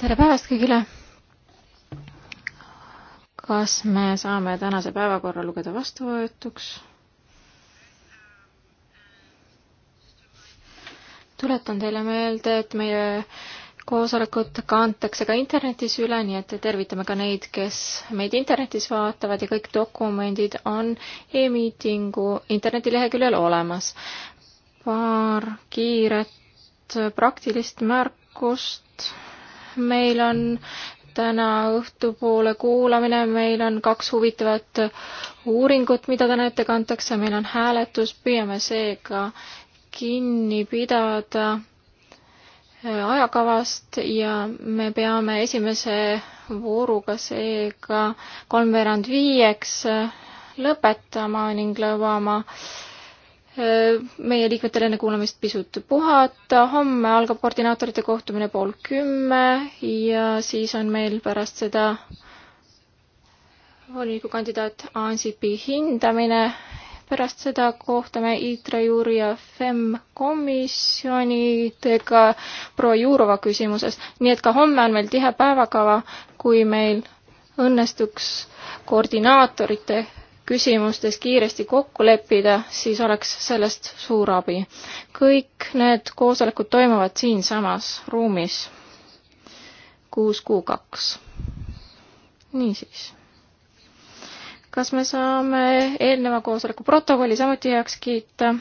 tere päevast kõigile. kas me saame tänase päevakorra lugeda vastuvõetuks? tuletan teile meelde, et meie koosolekut kantakse ka internetis üle, nii et tervitame ka neid, kes meid internetis vaatavad ja kõik dokumendid on e-miitingu internetileheküljel olemas. paar kiiret kaks praktilist märkust. meil on täna õhtupoole kuulamine, meil on kaks huvitavat uuringut, mida täna ette kantakse, meil on hääletus, püüame seega kinni pidada ajakavast ja me peame esimese vooruga seega kolmveerand viieks lõpetama ning lõvama äh, meie liikmetel enne kuulamist pisut puhata, homme algab koordinaatorite kohtumine pool kümme ja siis on meil pärast seda volinikukandidaat Ansipi hindamine. pärast seda kohtame Itra Juuri ja FEM komisjonidega proua Jurova küsimuses, nii et ka homme on meil tihe päevakava, kui meil õnnestuks koordinaatorite küsimustes kiiresti kokku leppida, siis oleks sellest suur abi. kõik need koosolekud toimuvad siinsamas ruumis. kuus kuu kaks. niisiis. kas me saame eelneva koosoleku protokolli samuti heaks kiita?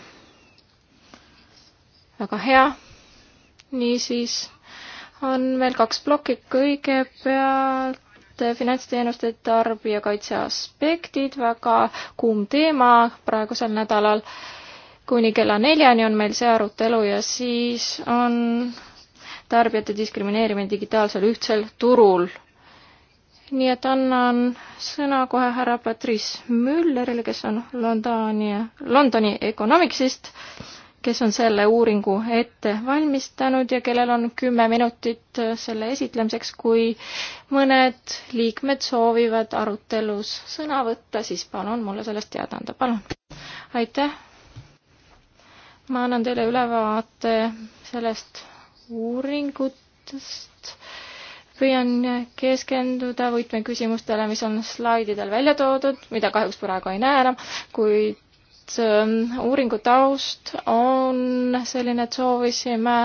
väga hea. niisiis on meil kaks plokki, kõigepealt et finantsteenuste tarbijakaitse aspektid, väga kuum teema praegusel nädalal. kuni kella neljani on meil see arutelu ja siis on tarbijate diskrimineerimine digitaalsel ühtsel turul. nii et annan sõna kohe härra Patrice Müllerile, kes on Londoni, Londoni Economicsist kes on selle uuringu ette valmistanud ja kellel on kümme minutit äh, selle esitlemiseks. kui mõned liikmed soovivad arutelus sõna võtta, siis palun mulle sellest teada anda, palun. aitäh. ma annan teile ülevaate sellest uuringutest. püüan keskenduda võtmeküsimustele, mis on slaididel välja toodud, mida kahjuks praegu ei näe enam, kuid et ähm, uuringu taust on selline, et soovisime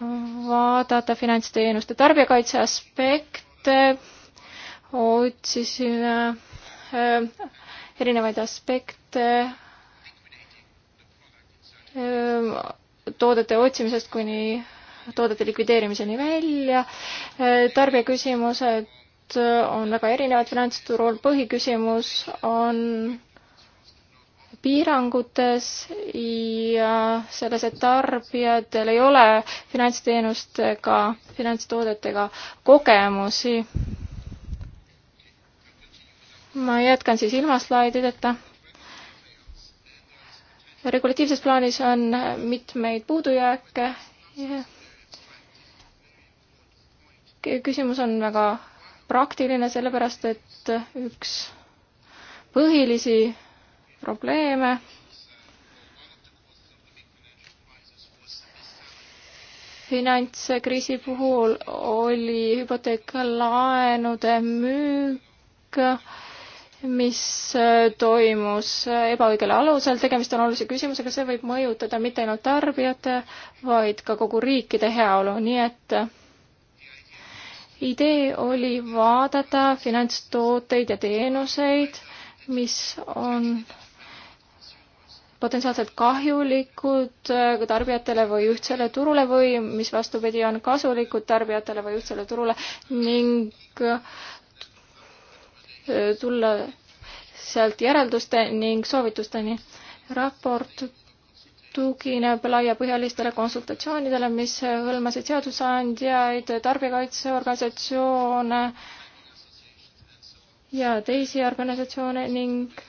vaadata finantsteenuste tarbijakaitse aspekte, otsisime ähm, erinevaid aspekte ähm, toodete otsimisest kuni toodete likvideerimiseni välja. Äh, tarbijaküsimused on väga erinevad finantsturul, põhiküsimus on piirangutes ja selles, et tarbijatel ei ole finantsteenustega, finantstoodetega kogemusi. ma jätkan siis ilma slaidideta regulatiivses plaanis on mitmeid puudujääke. küsimus on väga praktiline, sellepärast et üks põhilisi probleeme. finantskriisi puhul oli hüpoteeklaenude müük, mis toimus ebaõigel alusel, tegemist on olulise küsimusega, see võib mõjutada mitte ainult tarbijate, vaid ka kogu riikide heaolu, nii et idee oli vaadata finantstooteid ja teenuseid, mis on potentsiaalselt kahjulikud äh, tarbijatele või ühtsele turule või mis vastupidi, on kasulikud tarbijatele või ühtsele turule ning äh, tulla sealt järelduste ning soovitusteni. raport tugineb laiapõhjalistele konsultatsioonidele, mis hõlmasid seadusandjaid, tarbijakaitseorganisatsioone ja teisi organisatsioone ning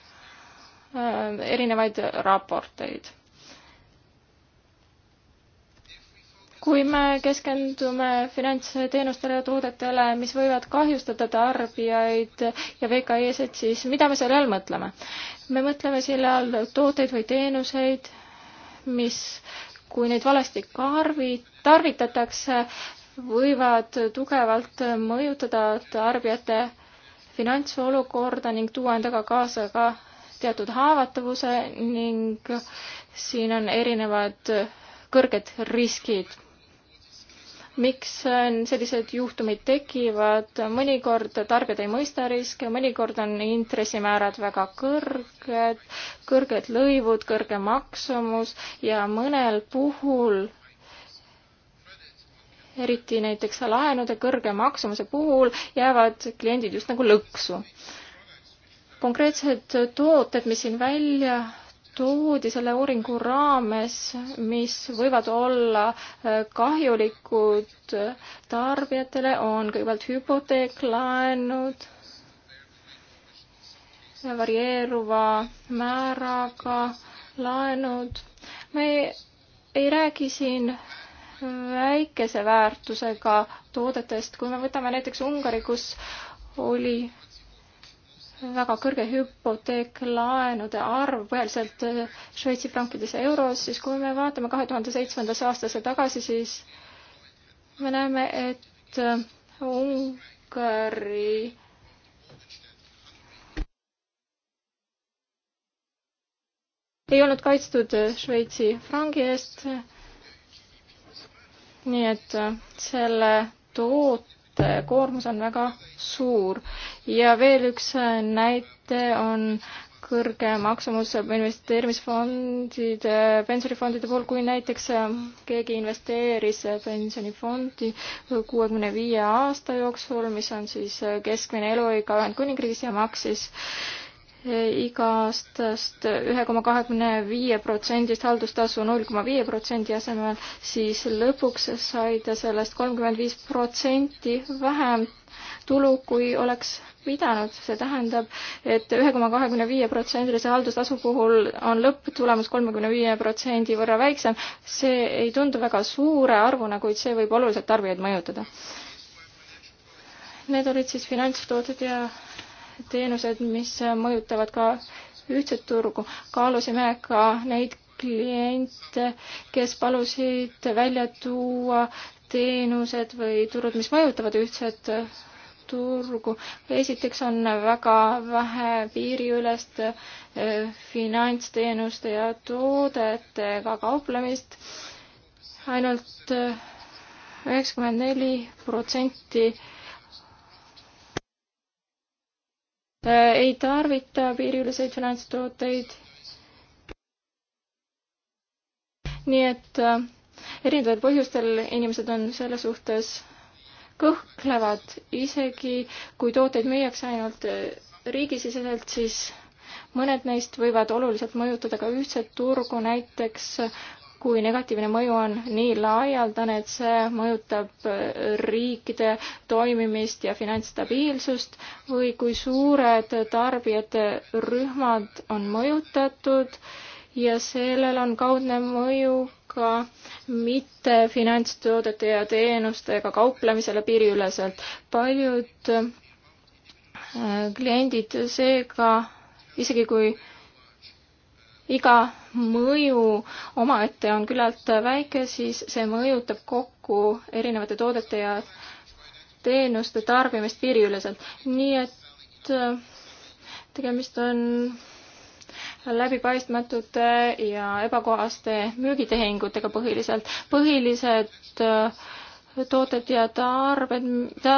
Äh, erinevaid raporteid. kui me keskendume finantsteenustele ja toodetele, mis võivad kahjustada tarbijaid ja VKE-sid, siis mida me selle all mõtleme? me mõtleme selle all tooteid või teenuseid, mis, kui neid valesti karvi-, tarvitatakse, võivad tugevalt mõjutada tarbijate finantsolukorda ning tuua endaga kaasa ka teatud haavatavuse ning siin on erinevad kõrged riskid. miks sellised juhtumid tekivad, mõnikord tarbijad ei mõista riske, mõnikord on intressimäärad väga kõrged, kõrged lõivud, kõrge maksumus ja mõnel puhul eriti näiteks laenude kõrge maksumuse puhul jäävad kliendid just nagu lõksu konkreetsed tooted, mis siin välja toodi selle uuringu raames, mis võivad olla äh, kahjulikud tarbijatele, on kõigepealt hüpoteeklaenud varieeruva määraga laenud. me ei räägi siin väikese väärtusega toodetest, kui me võtame näiteks Ungari, kus oli väga kõrge hüpoteeklaenude arv põhiliselt äh, Šveitsi frankides ja euros, siis kui me vaatame kahe tuhande seitsmendasse aastasse tagasi, siis me näeme, et äh, Ungari ei olnud kaitstud äh, Šveitsi frangi eest. nii et selle toote koormus on väga suur ja veel üks äh, näite on kõrge maksumus investeerimisfondide, pensionifondide puhul, kui näiteks äh, keegi investeeris äh, pensionifondi kuuekümne viie aasta jooksul, mis on siis keskmine eluiga Ühendkuningriigis ja maksis iga-aastast ühe koma kahekümne viie protsendist haldustasu null koma viie protsendi asemel, siis lõpuks sai ta sellest kolmkümmend viis protsenti vähem tulu, kui oleks pidanud. see tähendab et, et ühe koma kahekümne viie protsendilise haldustasu puhul on lõpptulemus kolmekümne viie protsendi võrra väiksem. see ei tundu väga suure arvuna, kuid see võib oluliselt tarbijaid mõjutada. Need olid siis finantstooted ja teenused, mis mõjutavad ka ühtset turgu. kaalusime ka neid kliente, kes palusid välja tuua teenused või turud, mis mõjutavad ühtset turgu. esiteks on väga vähe piiriülest eh, finantsteenuste ja toodetega kauplemist ainult. ainult eh, üheksakümmend neli protsenti eh, ei tarvita piiriüleseid finantstooteid. nii et erinevatel põhjustel inimesed on selle suhtes kõhklevad, isegi kui tooteid müüakse ainult eh, riigisiseselt, siis mõned neist võivad oluliselt mõjutada ka ühtset turgu, näiteks kui negatiivne mõju on nii laialdane, et see mõjutab eh, riikide toimimist ja finantsstabiilsust või kui suured tarbijate rühmad on mõjutatud ja sellel on kaudne mõju ka mitte finantstoodete ja teenustega kauplemisele piiriüleselt. paljud äh, kliendid seega isegi kui iga mõju omaette on küllalt väike, siis see mõjutab kokku erinevate toodete ja teenuste tarbimist piiriüleselt. nii et äh, tegemist on läbipaistmatute ja ebakohaste müügitehingutega põhiliselt. põhilised äh, tooted ja tarbed ta,,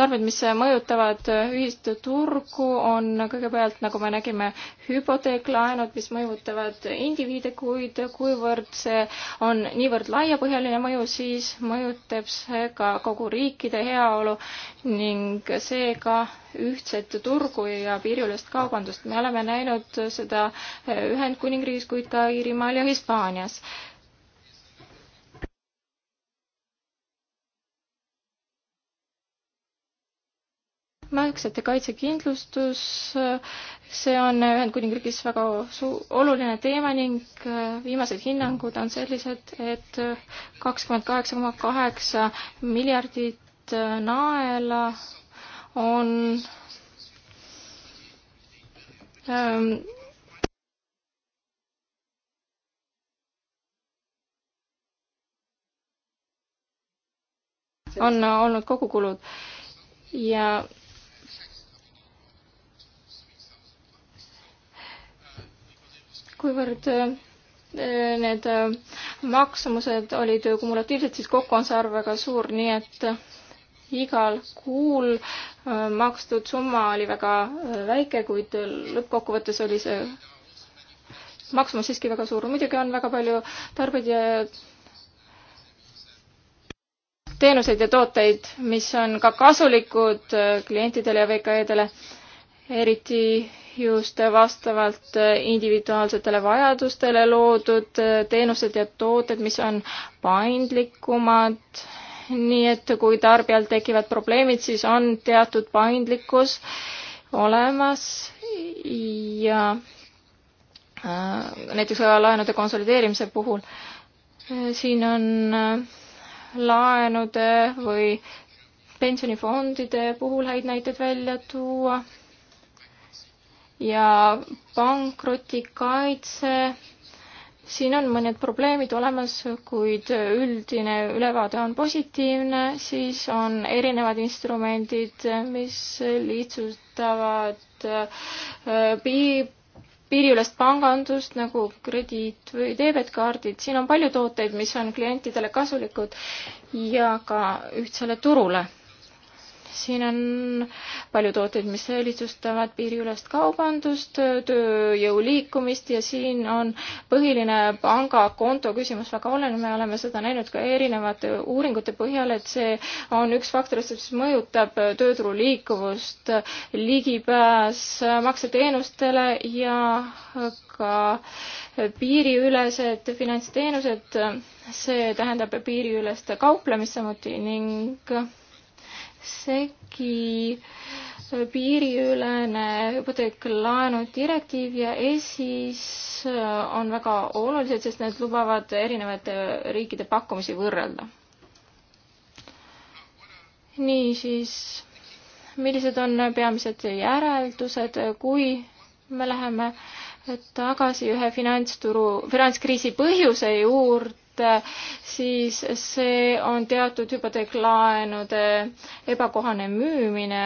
normid, mis mõjutavad äh, ühist turgu, on kõigepealt, nagu me nägime, hüpoteeklaenud, mis mõjutavad indiviide, kuid kuivõrd see on niivõrd laiapõhjaline mõju, siis mõjutab see ka kogu riikide heaolu ning seega ühtset turgu ja piiriülest kaubandust. me oleme näinud seda äh, Ühendkuningriigis, kuid ka Iirimaal ja Hispaanias märksõnade kaitsekindlustus, see on Ühendkuningriigis väga suu-, oluline teema ning äh, viimased hinnangud on sellised, et kakskümmend kaheksa koma kaheksa miljardit äh, naela on ähm, on olnud kogukulud ja kuivõrd äh, need äh, maksumused olid kumulatiivsed, siis kokku on see arv väga suur, nii et äh, igal kuul makstud summa oli väga väike, kuid lõppkokkuvõttes oli see maksumus siiski väga suur. muidugi on väga palju tarbeid ja teenuseid ja tooteid, mis on ka kasulikud klientidele ja VKE-dele eriti just vastavalt individuaalsetele vajadustele loodud teenused ja tooted, mis on paindlikumad. nii et kui tarbijal tekivad probleemid, siis on teatud paindlikkus olemas ja äh, näiteks laenude konsolideerimise puhul äh, siin on äh, laenude või pensionifondide puhul häid näiteid välja tuua ja pankrotikaitse. siin on mõned probleemid olemas, kuid üldine ülevaade on positiivne, siis on erinevad instrumendid, mis lihtsustavad äh, piib-, piiriülest pangandust nagu krediit või debetkaardid, siin on palju tooteid, mis on klientidele kasulikud ja ka ühtsele turule siin on palju tooteid, mis lihtsustavad piiriülest kaubandust, tööjõu liikumist ja siin on põhiline pangakonto küsimus väga oluline, me oleme seda näinud ka erinevate uuringute põhjal, et see on üks faktoritest, mis mõjutab tööturu liikuvust, ligipääs makseteenustele ja ka piiriülesed finantsteenused, see tähendab piiriülest kauplemist samuti ning segi piiriülene hüpoteeklaenu direktiiv ja ESIS äh, on väga olulised, sest need lubavad erinevate riikide pakkumisi võrrelda. niisiis, millised on peamised järeldused, kui me läheme tagasi ühe finantsturu, finantskriisi põhjuse juurde, Äh, siis see on teatud hüpoteeklaenude ebakohane müümine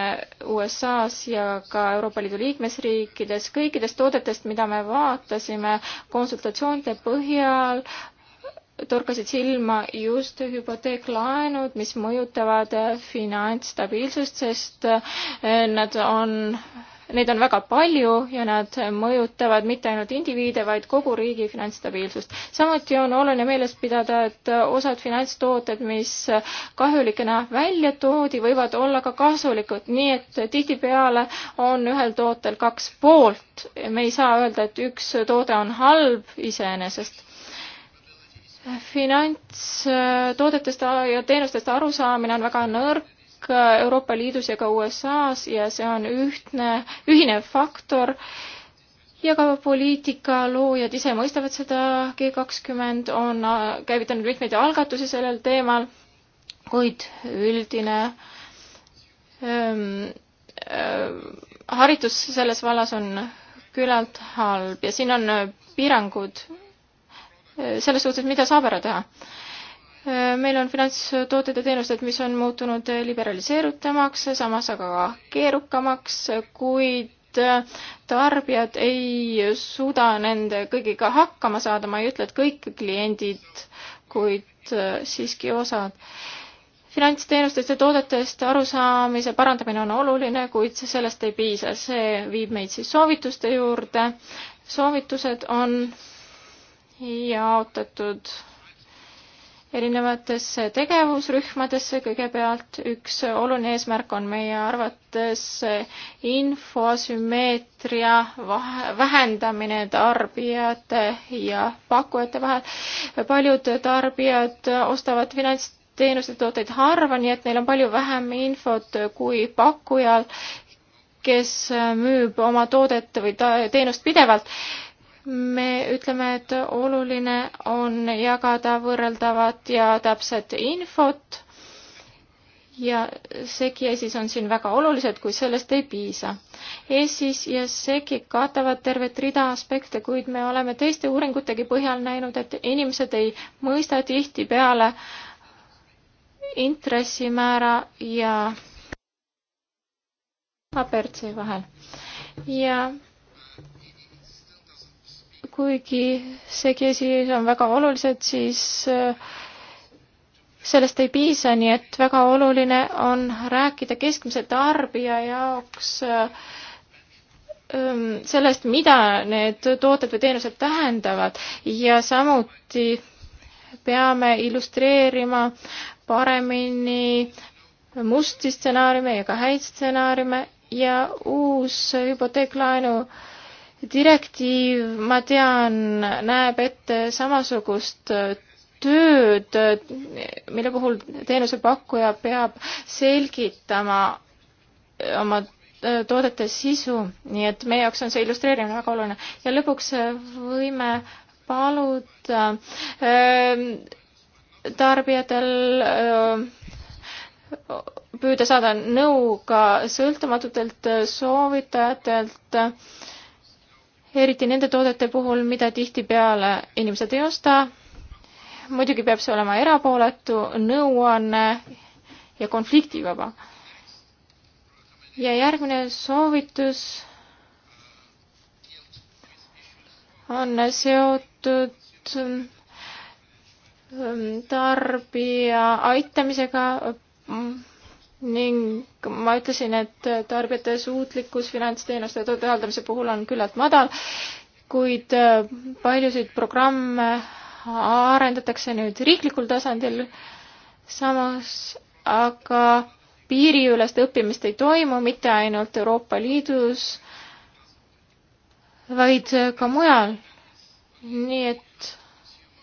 USA-s ja ka Euroopa Liidu liikmesriikides. kõikidest toodetest, mida me vaatasime konsultatsioonide põhjal, torkasid silma just hüpoteeklaenud, mis mõjutavad finantsstabiilsust, sest äh, nad on Neid on väga palju ja nad mõjutavad mitte ainult indiviide, vaid kogu riigi finantsstabiilsust. samuti on oluline meeles pidada, et osad finantstooted, mis kahjulikena välja toodi, võivad olla ka kasulikud, nii et tihtipeale on ühel tootel kaks poolt. me ei saa öelda, et üks toode on halb iseenesest finantstoodetest ja teenustest arusaamine on väga nõrk Äh, Euroopa Liidus ja ka USA-s ja see on ühtne, ühine faktor ja ka poliitika loojad ise mõistavad seda, G kakskümmend on äh, käivitanud mitmeid algatusi sellel teemal, kuid üldine ähm, ähm, haritus selles vallas on küllalt halb ja siin on äh, piirangud selles suhtes, mida saab ära teha Äh, meil on finantstooted ja teenused, mis on muutunud liberaliseerutamaks, samas aga keerukamaks, kuid äh, tarbijad ei suuda nende kõigiga hakkama saada, ma ei ütle, et kõik kliendid, kuid äh, siiski osad. finantsteenustest ja toodetest arusaamise parandamine on oluline, kuid sellest ei piisa, see viib meid siis soovituste juurde. soovitused on jaotatud erinevatesse tegevusrühmadesse, kõigepealt üks oluline eesmärk on meie arvates infosümmeetria vähendamine tarbijate ja pakkujate vahel. paljud tarbijad ostavad finantsteenuste tooteid harva, nii et neil on palju vähem infot kui pakkujal, kes müüb oma toodet või teenust pidevalt me ütleme, et oluline on jagada võrreldavat ja täpset infot ja segi ja ESIS on siin väga olulised, kui sellest ei piisa. ESIS ja segi katavad tervet rida aspekte, kuid me oleme teiste uuringutegi põhjal näinud, et inimesed ei mõista tihtipeale intressimäära ja ABRC vahel. ja kuigi segesi on väga olulised, siis äh, sellest ei piisa, nii et väga oluline on rääkida keskmise tarbija jaoks äh, ähm, sellest, mida need tooted või teenused tähendavad ja samuti peame illustreerima paremini musti stsenaariume ja ka häid stsenaariume ja uus hüpoteeklaenu äh, direktiiv, ma tean, näeb ette samasugust äh, tööd, äh, mille puhul teenusepakkuja peab selgitama äh, oma toodete sisu, nii et meie jaoks on see illustreerimine väga oluline. ja lõpuks võime paluda ähm, tarbijatel püüda saada nõu ka sõltumatutelt soovitajatelt äh, eriti nende toodete puhul, mida tihtipeale inimesed ei osta. muidugi peab see olema erapooletu, nõuanne ja konfliktivaba. ja järgmine soovitus on seotud ähm, tarbija aitamisega ning ma ütlesin, et tarbijate suutlikkus finantsteenuste töödeldamise puhul on küllalt madal, kuid äh, paljusid programme arendatakse nüüd riiklikul tasandil, samas aga piiriülest õppimist ei toimu mitte ainult Euroopa Liidus, vaid ka mujal. nii et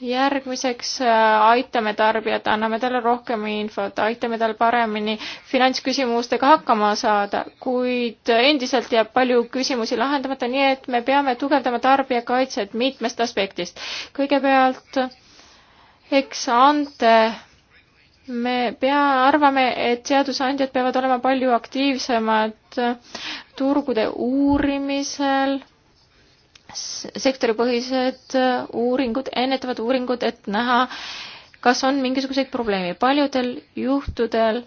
järgmiseks äh, aitame tarbijat, anname talle rohkem infot, aitame tal paremini finantsküsimustega hakkama saada, kuid endiselt jääb palju küsimusi lahendamata, nii et me peame tugevdama tarbijakaitset mitmest aspektist. kõigepealt eks ante me pea, arvame, et seadusandjad peavad olema palju aktiivsemad turgude uurimisel sektoripõhised äh, uuringud, ennetavad uuringud, et näha, kas on mingisuguseid probleeme. paljudel juhtudel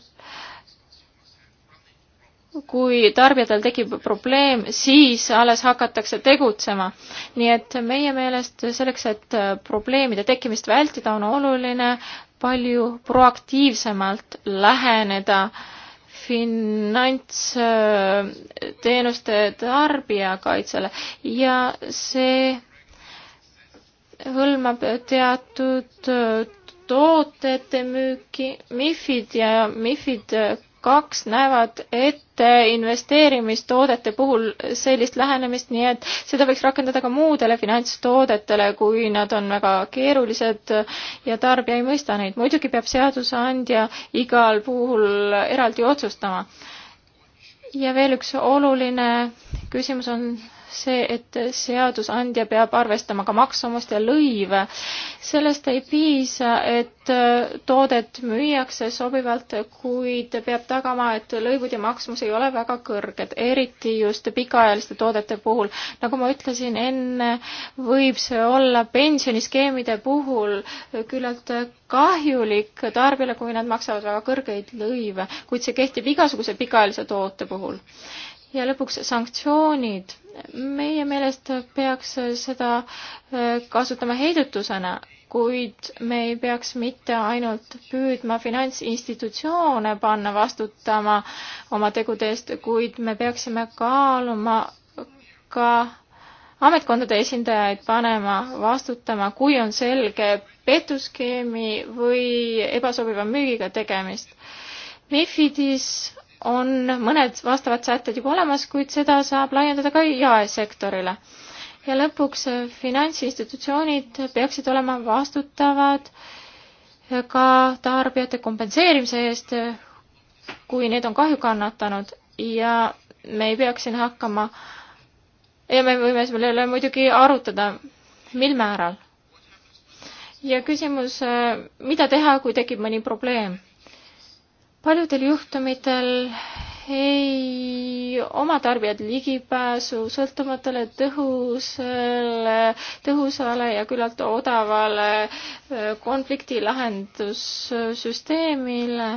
kui tarbijatel tekib probleem, siis alles hakatakse tegutsema. nii et meie meelest selleks, et äh, probleemide tekkimist vältida, on oluline palju proaktiivsemalt läheneda äh, finantsteenuste tarbijakaitsele ja see hõlmab teatud tootete müüki, MIFID ja MIFID kaks näevad ette investeerimistoodete puhul sellist lähenemist, nii et seda võiks rakendada ka muudele finantstoodetele, kui nad on väga keerulised ja tarbija ei mõista neid. muidugi peab seadusandja igal puhul eraldi otsustama. ja veel üks oluline küsimus on see, et seadusandja peab arvestama ka maksumust ja lõive. sellest ei piisa, et äh, toodet müüakse sobivalt, kuid peab tagama, et lõivud ja maksumus ei ole väga kõrged, eriti just pikaajaliste toodete puhul. nagu ma ütlesin enne, võib see olla pensioniskeemide puhul küllalt kahjulik tarbijale, kui nad maksavad väga kõrgeid lõive, kuid see kehtib igasuguse pikaajalise toote puhul ja lõpuks sanktsioonid meie meelest peaks seda äh, kasutama heidutusena, kuid me ei peaks mitte ainult püüdma finantsinstitutsioone panna vastutama oma tegude eest, kuid me peaksime kaaluma ka ametkondade esindajaid panema vastutama, kui on selge petuskeemi või ebasobiva müügiga tegemist. MIFIDis on mõned vastavad sätted juba olemas, kuid seda saab laiendada ka jaesektorile. ja lõpuks eh, finantsinstitutsioonid peaksid olema vastutavad ka tarbijate kompenseerimise eest, kui need on kahju kannatanud ja me ei peaks siin hakkama ja me võime selle üle muidugi arutada, mil määral. ja küsimus, eh, mida teha, kui tekib mõni probleem paljudel juhtumitel ei oma tarbijad ligipääsu sõltumatule tõhusale, tõhusale ja küllalt odavale äh, konflikti lahendussüsteemile.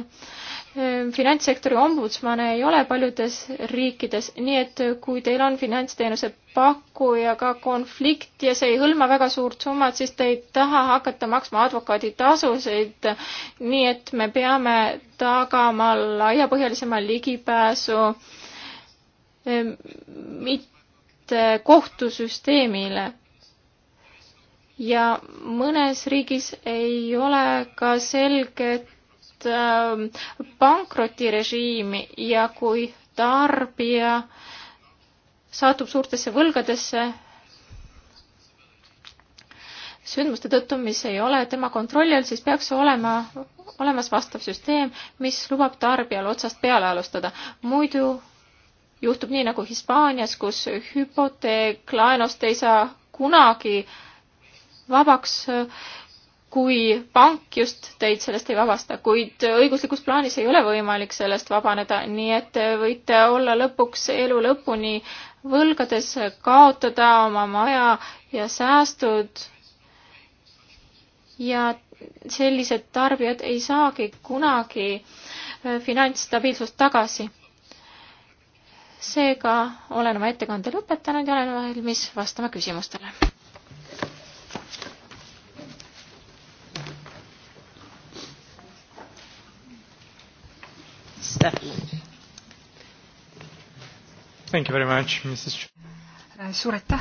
Ehm, finantssektori ombudsmane ei ole paljudes riikides, nii et eh, kui teil on finantsteenuse pakkujaga konflikt ja see ei hõlma väga suurt summat, siis te ei taha hakata maksma advokaaditasusid. nii et me peame tagama laiapõhjalisema ligipääsu ehm, mitte kohtusüsteemile ja mõnes riigis ei ole ka selget Ähm, pankrotirežiimi ja kui tarbija satub suurtesse võlgadesse sündmuste tõttu, mis ei ole tema kontrolli all, siis peaks olema olemas vastav süsteem, mis lubab tarbijal otsast peale alustada. muidu juhtub nii nagu Hispaanias, kus hüpoteeklaenust ei saa kunagi vabaks kui pank just teid sellest ei vabasta, kuid õiguslikus plaanis ei ole võimalik sellest vabaneda, nii et võite olla lõpuks elu lõpuni võlgades, kaotada oma maja ja säästud. ja sellised tarbijad ei saagi kunagi äh, finantsstabiilsust tagasi. seega olen oma ettekande lõpetanud ja olen valmis vastama küsimustele definitely. Thank you very much, Mrs. Äh, suur aitäh.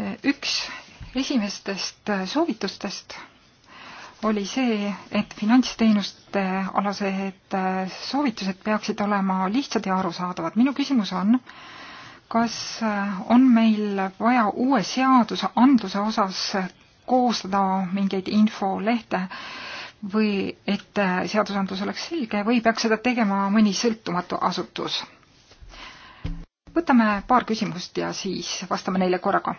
Äh, üks esimestest äh, soovitustest oli see, et finantsteenuste alased soovitused peaksid olema lihtsad ja arusaadavad. minu küsimus on, kas on meil vaja uue seaduse, andluse osas koostada mingeid infolehte, või et seadusandlus oleks selge või peaks seda tegema mõni sõltumatu asutus? võtame paar küsimust ja siis vastame neile korraga.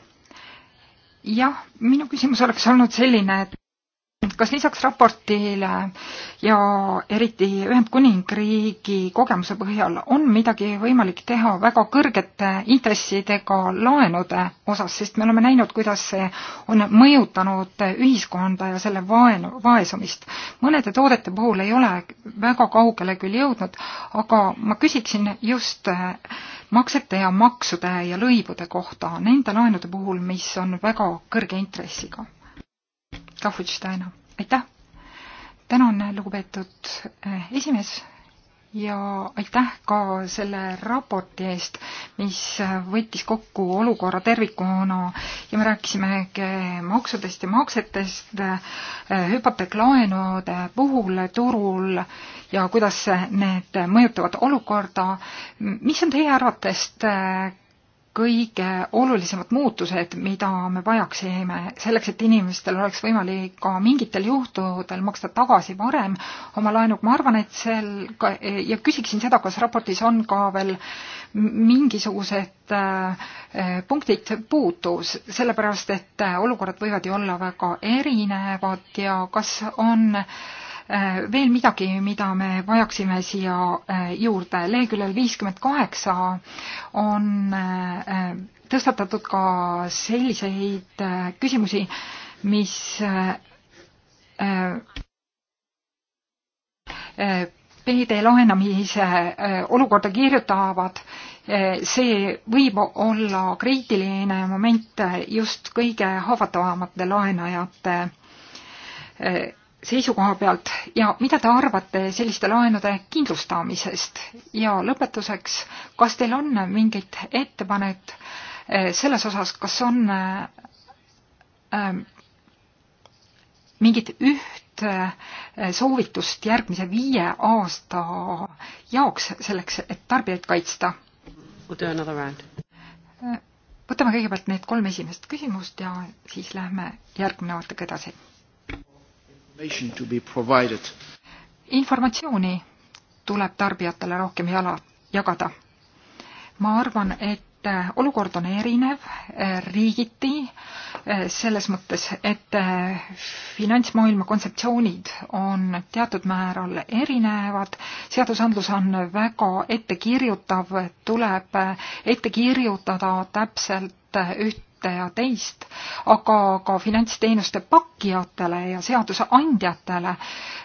jah, minu küsimus oleks olnud selline, et kas lisaks raportile ja eriti Ühendkuningriigi kogemuse põhjal on midagi võimalik teha väga kõrgete intressidega laenude osas, sest me oleme näinud, kuidas see on mõjutanud ühiskonda ja selle vaenu, vaesumist. mõnede toodete puhul ei ole väga kaugele küll jõudnud, aga ma küsiksin just äh, maksete ja maksude ja lõivude kohta nende laenude puhul, mis on väga kõrge intressiga Kahvutštaina, aitäh! tänan, lugupeetud eh, esimees ja aitäh ka selle raporti eest, mis võttis kokku olukorra tervikuna ja me rääkisime maksudest ja maksetest eh, hüpoteeklaenude puhul turul ja kuidas need mõjutavad olukorda. mis on teie arvates eh, kõige olulisemad muutused, mida me vajaksime selleks, et inimestel oleks võimalik ka mingitel juhtudel maksta tagasi varem oma laenu, ma arvan, et sel ka, ja küsiksin seda, kas raportis on ka veel mingisugused äh, punktid puudu, sellepärast et äh, olukorrad võivad ju olla väga erinevad ja kas on äh, Äh, veel midagi, mida me vajaksime siia äh, juurde. leheküljel viiskümmend kaheksa on äh, tõstatatud ka selliseid küsimusi, mis PD laenamise olukorda kirjutavad, see võib olla kriitiline moment just kõige haavatavamate laenajate seisukoha pealt ja mida te arvate selliste laenude kindlustamisest ja lõpetuseks, kas teil on mingit ettepanet eh, selles osas, kas on ähm, mingit üht soovitust järgmise viie aasta jaoks selleks, et tarbijaid kaitsta? võtame kõigepealt need kolm esimest küsimust ja siis lähme järgnevatega edasi informatsiooni tuleb tarbijatele rohkem jala, jagada. ma arvan, et äh, olukord on erinev äh, riigiti äh, selles mõttes, et finantsmaailma kontseptsioonid on teatud määral erinevad, seadusandlus on väga ettekirjutav, tuleb ette kirjutada täpselt üht ühte ja teist, aga ka finantsteenuste pakkijatele ja seadusandjatele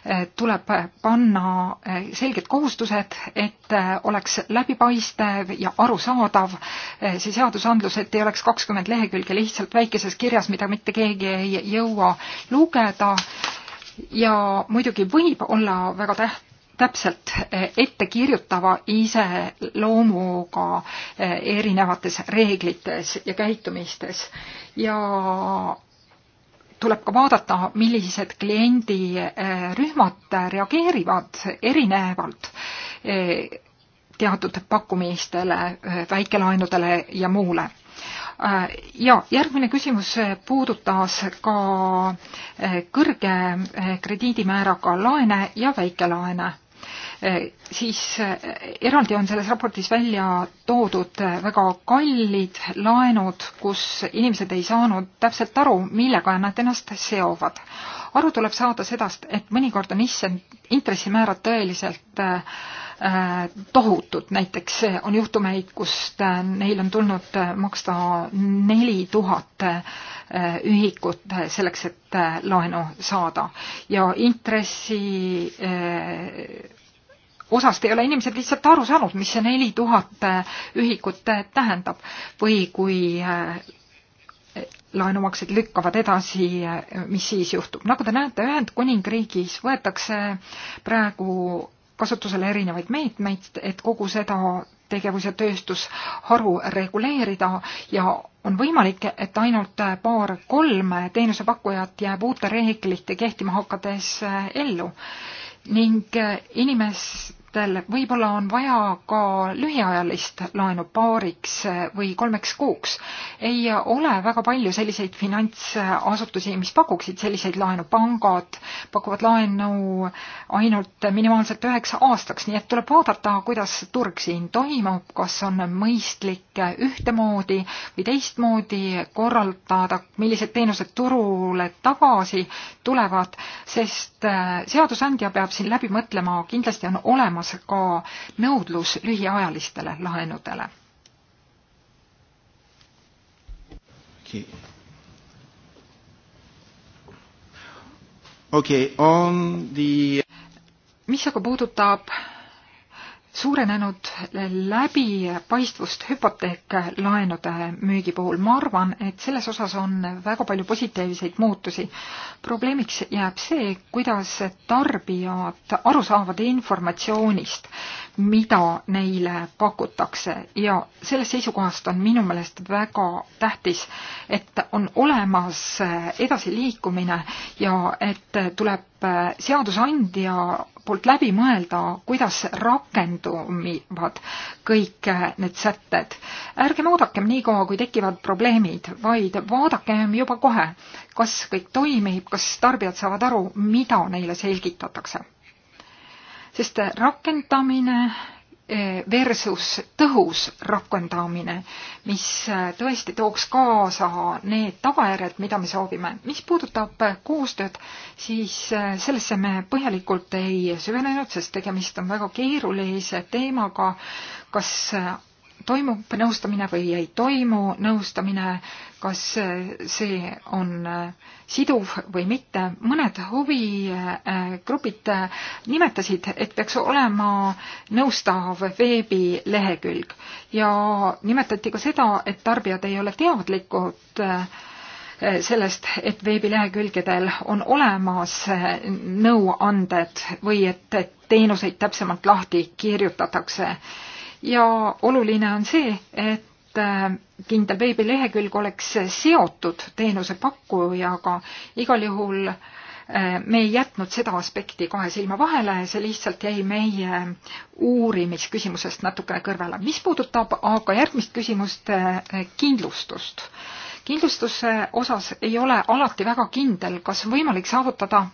eh, tuleb panna eh, selged kohustused, et eh, oleks läbipaistev ja arusaadav see seadusandlus, et ei oleks kakskümmend lehekülge lihtsalt väikeses kirjas, mida mitte keegi ei jõua lugeda ja muidugi võib olla väga täht-, täpselt eh, ettekirjutava iseloomuga eh, erinevates reeglites ja käitumistes ja tuleb ka vaadata, millised kliendirühmad eh, reageerivad erinevalt teatud pakkumistele, väikelaenudele ja muule ja järgmine küsimus puudutas ka kõrge krediidimääraga laene ja väikelaene. Eh, siis eh, eraldi on selles raportis välja toodud eh, väga kallid laenud, kus inimesed ei saanud täpselt aru, millega nad ennast seovad. aru tuleb saada sedast, et mõnikord on intressimäärad tõeliselt tohutud, näiteks on juhtumeid, kust neil on tulnud maksta neli tuhat ühikut selleks, et laenu saada ja intressi osast ei ole inimesed lihtsalt aru saanud, mis see neli tuhat äh, ühikut äh, tähendab või kui äh, laenumaksed lükkavad edasi, mis siis juhtub. nagu te näete, Ühendkuningriigis võetakse praegu kasutusele erinevaid meetmeid, et kogu seda tegevus- ja tööstusharu reguleerida ja on võimalik, et ainult paar-kolm teenusepakkujat jääb uute reeglite kehtima hakates ellu ning inimes-, ettevõtetel võib-olla on vaja ka lühiajalist laenu paariks või kolmeks kuuks. ei ole väga palju selliseid finantsasutusi, mis pakuksid selliseid laenu. pangad pakuvad laenu ainult minimaalselt üheks aastaks, nii et tuleb vaadata, kuidas turg siin toimub, kas on mõistlik ühtemoodi või teistmoodi korraldada, millised teenused turule tagasi tulevad, sest seadusandja peab siin läbi mõtlema, kindlasti on olemas olemas ka nõudlus lühiajalistele laenudele. okei okay. okay,, on the mis aga puudutab suurenenud läbipaistvust hüpoteeklaenude müügi puhul. ma arvan, et selles osas on väga palju positiivseid muutusi. probleemiks jääb see, kuidas tarbijad aru saavad informatsioonist, mida neile pakutakse ja sellest seisukohast on minu meelest väga tähtis, et on olemas edasiliikumine ja et tuleb seadusandja poolt läbi mõelda, kuidas rakenduvad kõik need sätted. ärgem oodakem niikaua, kui tekivad probleemid, vaid vaadakem juba kohe, kas kõik toimib, kas tarbijad saavad aru, mida neile selgitatakse. sest rakendamine Eh, versus tõhus rakendamine, mis eh, tõesti tooks kaasa need tagajärjed, mida me soovime. mis puudutab koostööd, siis eh, sellesse me põhjalikult ei süvenenud, sest tegemist on väga keerulise teemaga, kas toimub nõustamine või ei toimu nõustamine, kas see on äh, siduv või mitte. mõned huvigrupid äh, äh, nimetasid, et peaks olema nõustav veebilehekülg ja nimetati ka seda, et tarbijad ei ole teadlikud sellest, et veebilehekülgedel on olemas nõuanded või et teenuseid täpsemalt lahti kirjutatakse ja oluline on see, et äh, kindel veebilehekülg oleks seotud teenusepakkujaga, igal juhul äh, me ei jätnud seda aspekti kahe silma vahele, see lihtsalt jäi meie äh, uurimisküsimusest natukene kõrvale. mis puudutab aga järgmist küsimust, kindlustust. kindlustuse osas ei ole alati väga kindel, kas võimalik saavutada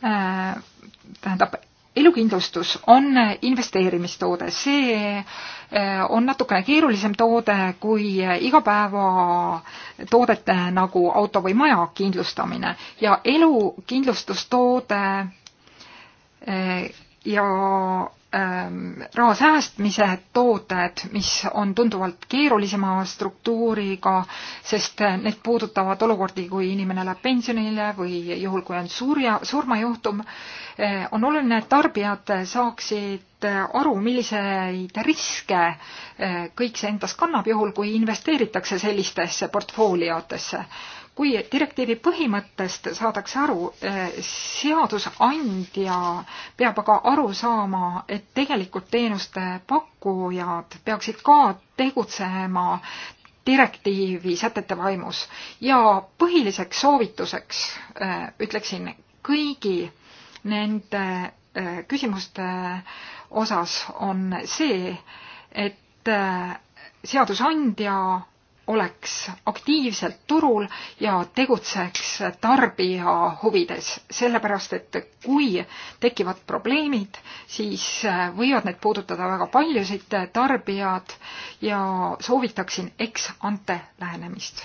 tähendab elukindlustus on investeerimistoode, see eh, on natukene keerulisem toode kui igapäevatoodete nagu auto või maja kindlustamine ja elukindlustustoode eh, ja Ähm, raha säästmise tooted, mis on tunduvalt keerulisema struktuuriga, sest need puudutavad olukordi, kui inimene läheb pensionile või juhul, kui on surja, surmajuhtum, äh, on oluline, et tarbijad saaksid aru, milliseid riske äh, kõik see endas kannab, juhul kui investeeritakse sellistesse portfooliotesse kui direktiivi põhimõttest saadakse aru, eh, seadusandja peab aga aru saama, et tegelikult teenuste pakkujad peaksid ka tegutsema direktiivi sätete vaimus ja põhiliseks soovituseks eh, ütleksin kõigi nende eh, küsimuste osas on see, et seadusandja oleks aktiivselt turul ja tegutseks tarbija huvides, sellepärast et kui tekivad probleemid, siis äh, võivad need puudutada väga paljusid tarbijad ja soovitaksin ex ante lähenemist.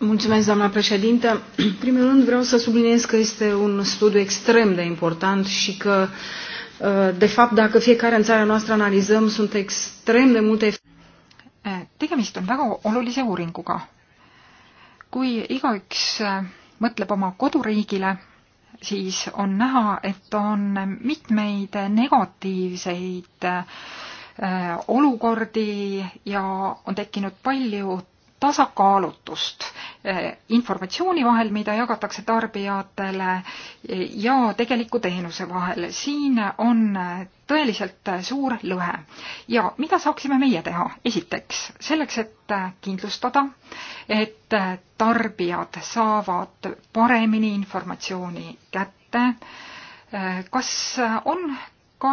Mulțumesc, doamna președintă. În primul rând vreau să subliniez că este un studiu extrem de important și că, uh, de fapt, dacă fiecare în țara noastră analizăm, sunt extrem de multe Äh, tegemist on väga olulise uuringuga. kui igaüks äh, mõtleb oma koduriigile, siis on näha, et on mitmeid negatiivseid äh, olukordi ja on tekkinud palju tasakaalutust eh, informatsiooni vahel, mida jagatakse tarbijatele eh, ja tegeliku teenuse vahel. siin on eh, tõeliselt suur lõhe. ja mida saaksime meie teha? esiteks, selleks, et kindlustada, et tarbijad saavad paremini informatsiooni kätte, kas on ka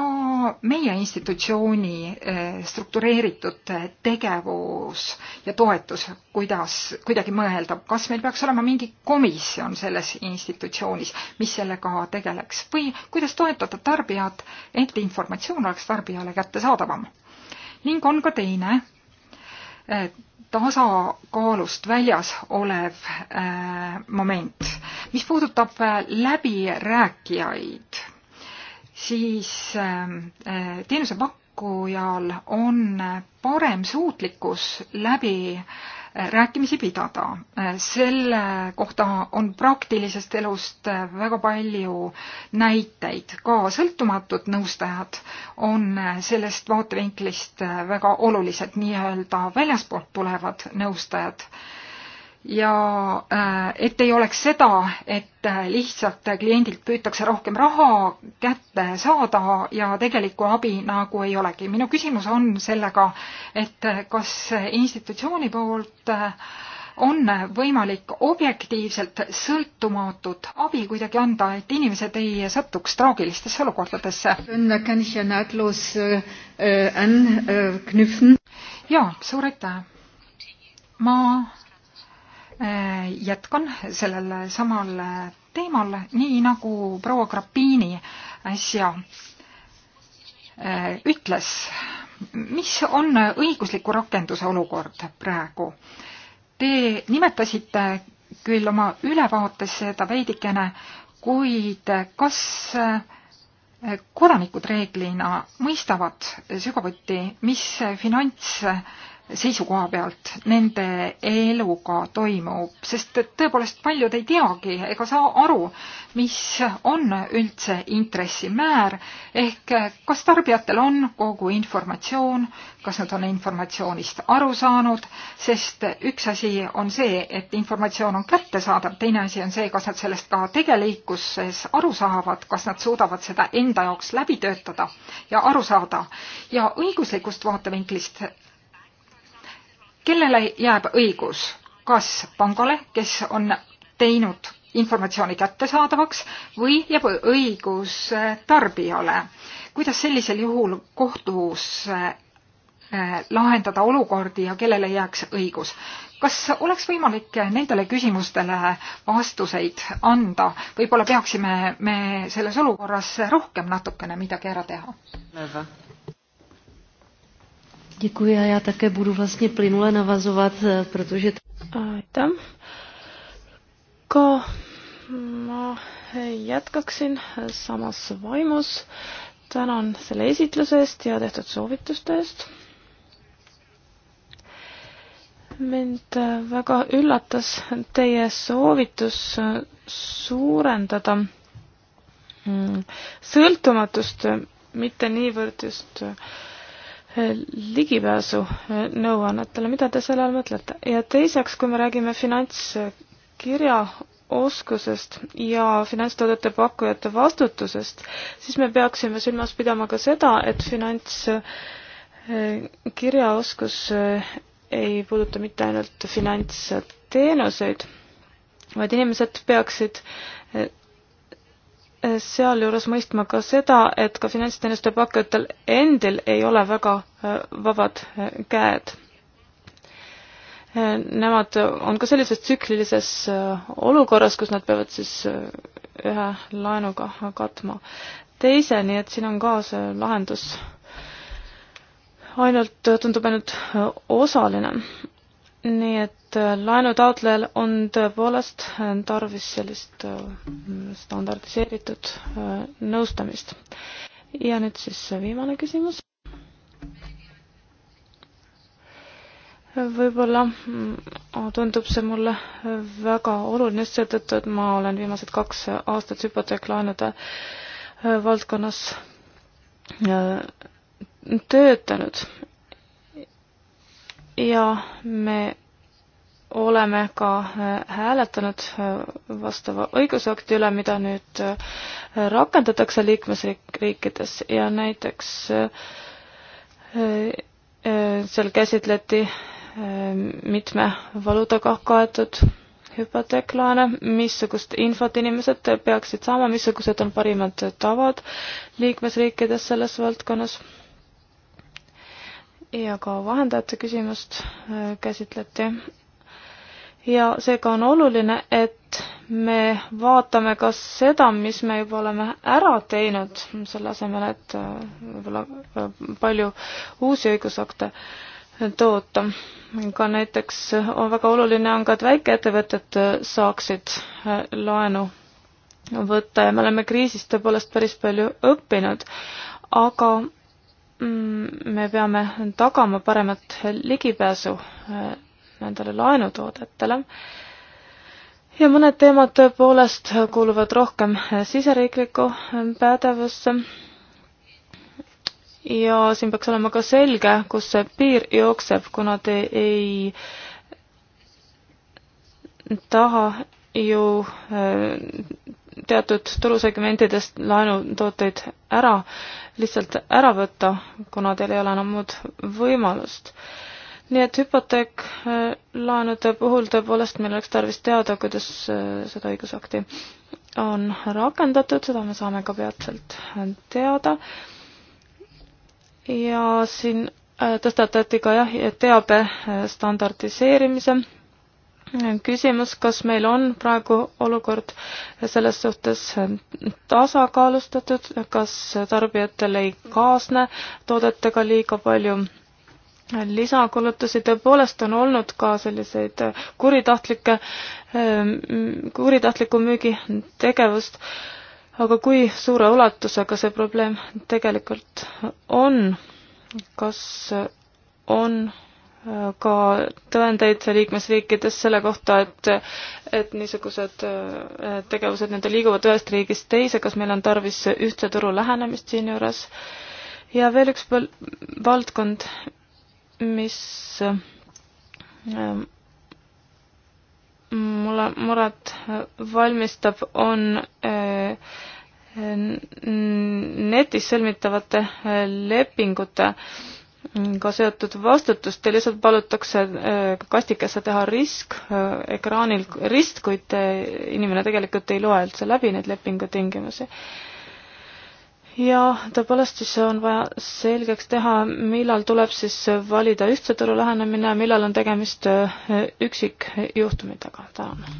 meie institutsiooni eh, struktureeritud eh, tegevus ja toetus, kuidas, kuidagi mõelda, kas meil peaks olema mingi komisjon selles institutsioonis, mis sellega tegeleks või kuidas toetada tarbijat, et informatsioon oleks tarbijale kättesaadavam. ning on ka teine eh, tasakaalust väljas olev äh, moment, mis puudutab läbirääkijaid siis ähm, äh, teenusepakkujal on parem suutlikkus läbi äh, rääkimisi pidada. Äh, selle kohta on praktilisest elust väga palju näiteid. ka sõltumatud nõustajad on sellest vaatevinklist väga olulised, nii-öelda väljaspoolt tulevad nõustajad ja äh, et ei oleks seda, et äh, lihtsalt kliendilt püütakse rohkem raha kätte saada ja tegelikku abi nagu ei olegi. minu küsimus on sellega, et äh, kas institutsiooni poolt on võimalik objektiivselt sõltumatut abi kuidagi anda, et inimesed ei satuks traagilistesse olukordadesse? jaa, suur aitäh! ma Äh, jätkan sellel samal teemal, nii nagu proua Grappini äsja äh, ütles. mis on õigusliku rakenduse olukord praegu? Te nimetasite küll oma ülevaates seda veidikene, kuid kas äh, kodanikud reeglina mõistavad sügavuti, mis finants seisukoha pealt nende eluga toimub, sest tõepoolest paljud ei teagi ega saa aru, mis on üldse intressimäär ehk kas tarbijatel on kogu informatsioon, kas nad on informatsioonist aru saanud, sest üks asi on see, et informatsioon on kättesaadav, teine asi on see, kas nad sellest ka tegelikkuses aru saavad, kas nad suudavad seda enda jaoks läbi töötada ja aru saada. ja õiguslikust vaatevinklist kellele jääb õigus, kas pangale, kes on teinud informatsiooni kättesaadavaks või jääb õigus äh, tarbijale? kuidas sellisel juhul kohtus äh, äh, lahendada olukordi ja kellele jääks õigus? kas oleks võimalik nendele küsimustele vastuseid anda, võib-olla peaksime me selles olukorras rohkem natukene midagi ära teha? Děkuji a já také budu vlastně plynule navazovat, eh, protože... Aitäh! Ka ma jätkaksin samas vaimus. Tänan selle esitluse eest ja tehtud soovituste eest. Mind väga üllatas teie soovitus suurendada mm, sõltumatust, mitte niivõrd just äh, ligipääsu äh, nõuannetele, mida te selle all mõtlete? ja teiseks, kui me räägime finantskirjaoskusest ja finantstoodete pakkujate vastutusest, siis me peaksime silmas pidama ka seda, et finantskirjaoskus äh, ei puuduta mitte ainult finantsteenuseid, vaid inimesed peaksid äh, sealjuures mõistma ka seda, et ka finantsteenuste pakkujatel endil ei ole väga äh, vabad äh, käed. Äh, nemad on ka sellises tsüklilises olukorras, kus nad peavad siis ühe laenuga katma teise, nii et siin on ka see lahendus ainult, tundub ainult osaline nii et äh, laenutaotlejal on tõepoolest äh, tarvis sellist äh, standardiseeritud nõustamist. ja nüüd siis viimane küsimus. võib-olla mm, tundub see mulle väga oluline just seetõttu, et ma olen viimased kaks aastat hüpoteeklaenude valdkonnas töötanud ja me oleme ka äh, hääletanud äh, vastava õigusakti üle, mida nüüd äh, rakendatakse liikmesriikides ja näiteks seal käsitleti mitme valuutaga kaetud hüpoteeklaane, missugust infot inimesed peaksid saama, missugused on parimad tavad liikmesriikides selles valdkonnas ja ka vahendajate küsimust äh, käsitleti. ja seega on oluline, et me vaatame ka seda, mis me juba oleme ära teinud, selle asemel, et äh, võib-olla äh, palju uusi õigusakte toota. ka näiteks on väga oluline on ka, et väikeettevõtted saaksid laenu võtta ja me oleme kriisist tõepoolest päris palju õppinud, aga Mm, me peame tagama paremat ligipääsu äh, nendele laenutoodetele ja mõned teemad tõepoolest kuuluvad rohkem äh, siseriiklikku äh, pädevusse. ja siin peaks olema ka selge, kus see piir jookseb, kuna te ei taha ju teatud turusegmentidest laenutooteid ära, lihtsalt ära võtta, kuna teil ei ole enam muud võimalust. nii et hüpoteeklaenude äh, puhul tõepoolest meil oleks tarvis teada, kuidas äh, seda õigusakti on rakendatud, seda me saame ka peatselt äh, teada. ja siin tõstatati ka jah, teabe standardiseerimise küsimus, kas meil on praegu olukord selles suhtes tasakaalustatud, kas tarbijatele ei kaasne toodetega liiga palju lisakulutusi, tõepoolest on olnud ka selliseid kuritahtlikke, ehm, kuritahtliku müügi tegevust, aga kui suure ulatusega see probleem tegelikult on, kas on ka tõendeid liikmesriikides selle kohta, et, et niisugused äh, tegevused nende liiguvad ühest riigist teise, kas meil on tarvis ühtse turu lähenemist siinjuures. ja veel üks valdkond, mis äh, mulle muret valmistab, on äh, netis sõlmitavate lepingute äh, ka seotud vastutust, teil lihtsalt palutakse äh, kastikesse teha risk, äh, ekraanil rist, kuid äh, inimene tegelikult ei loe üldse läbi neid lepingutingimusi. ja tõepoolest siis on vaja selgeks teha, millal tuleb siis valida ühtse turu lähenemine ja millal on tegemist üksikjuhtumitega. tänan.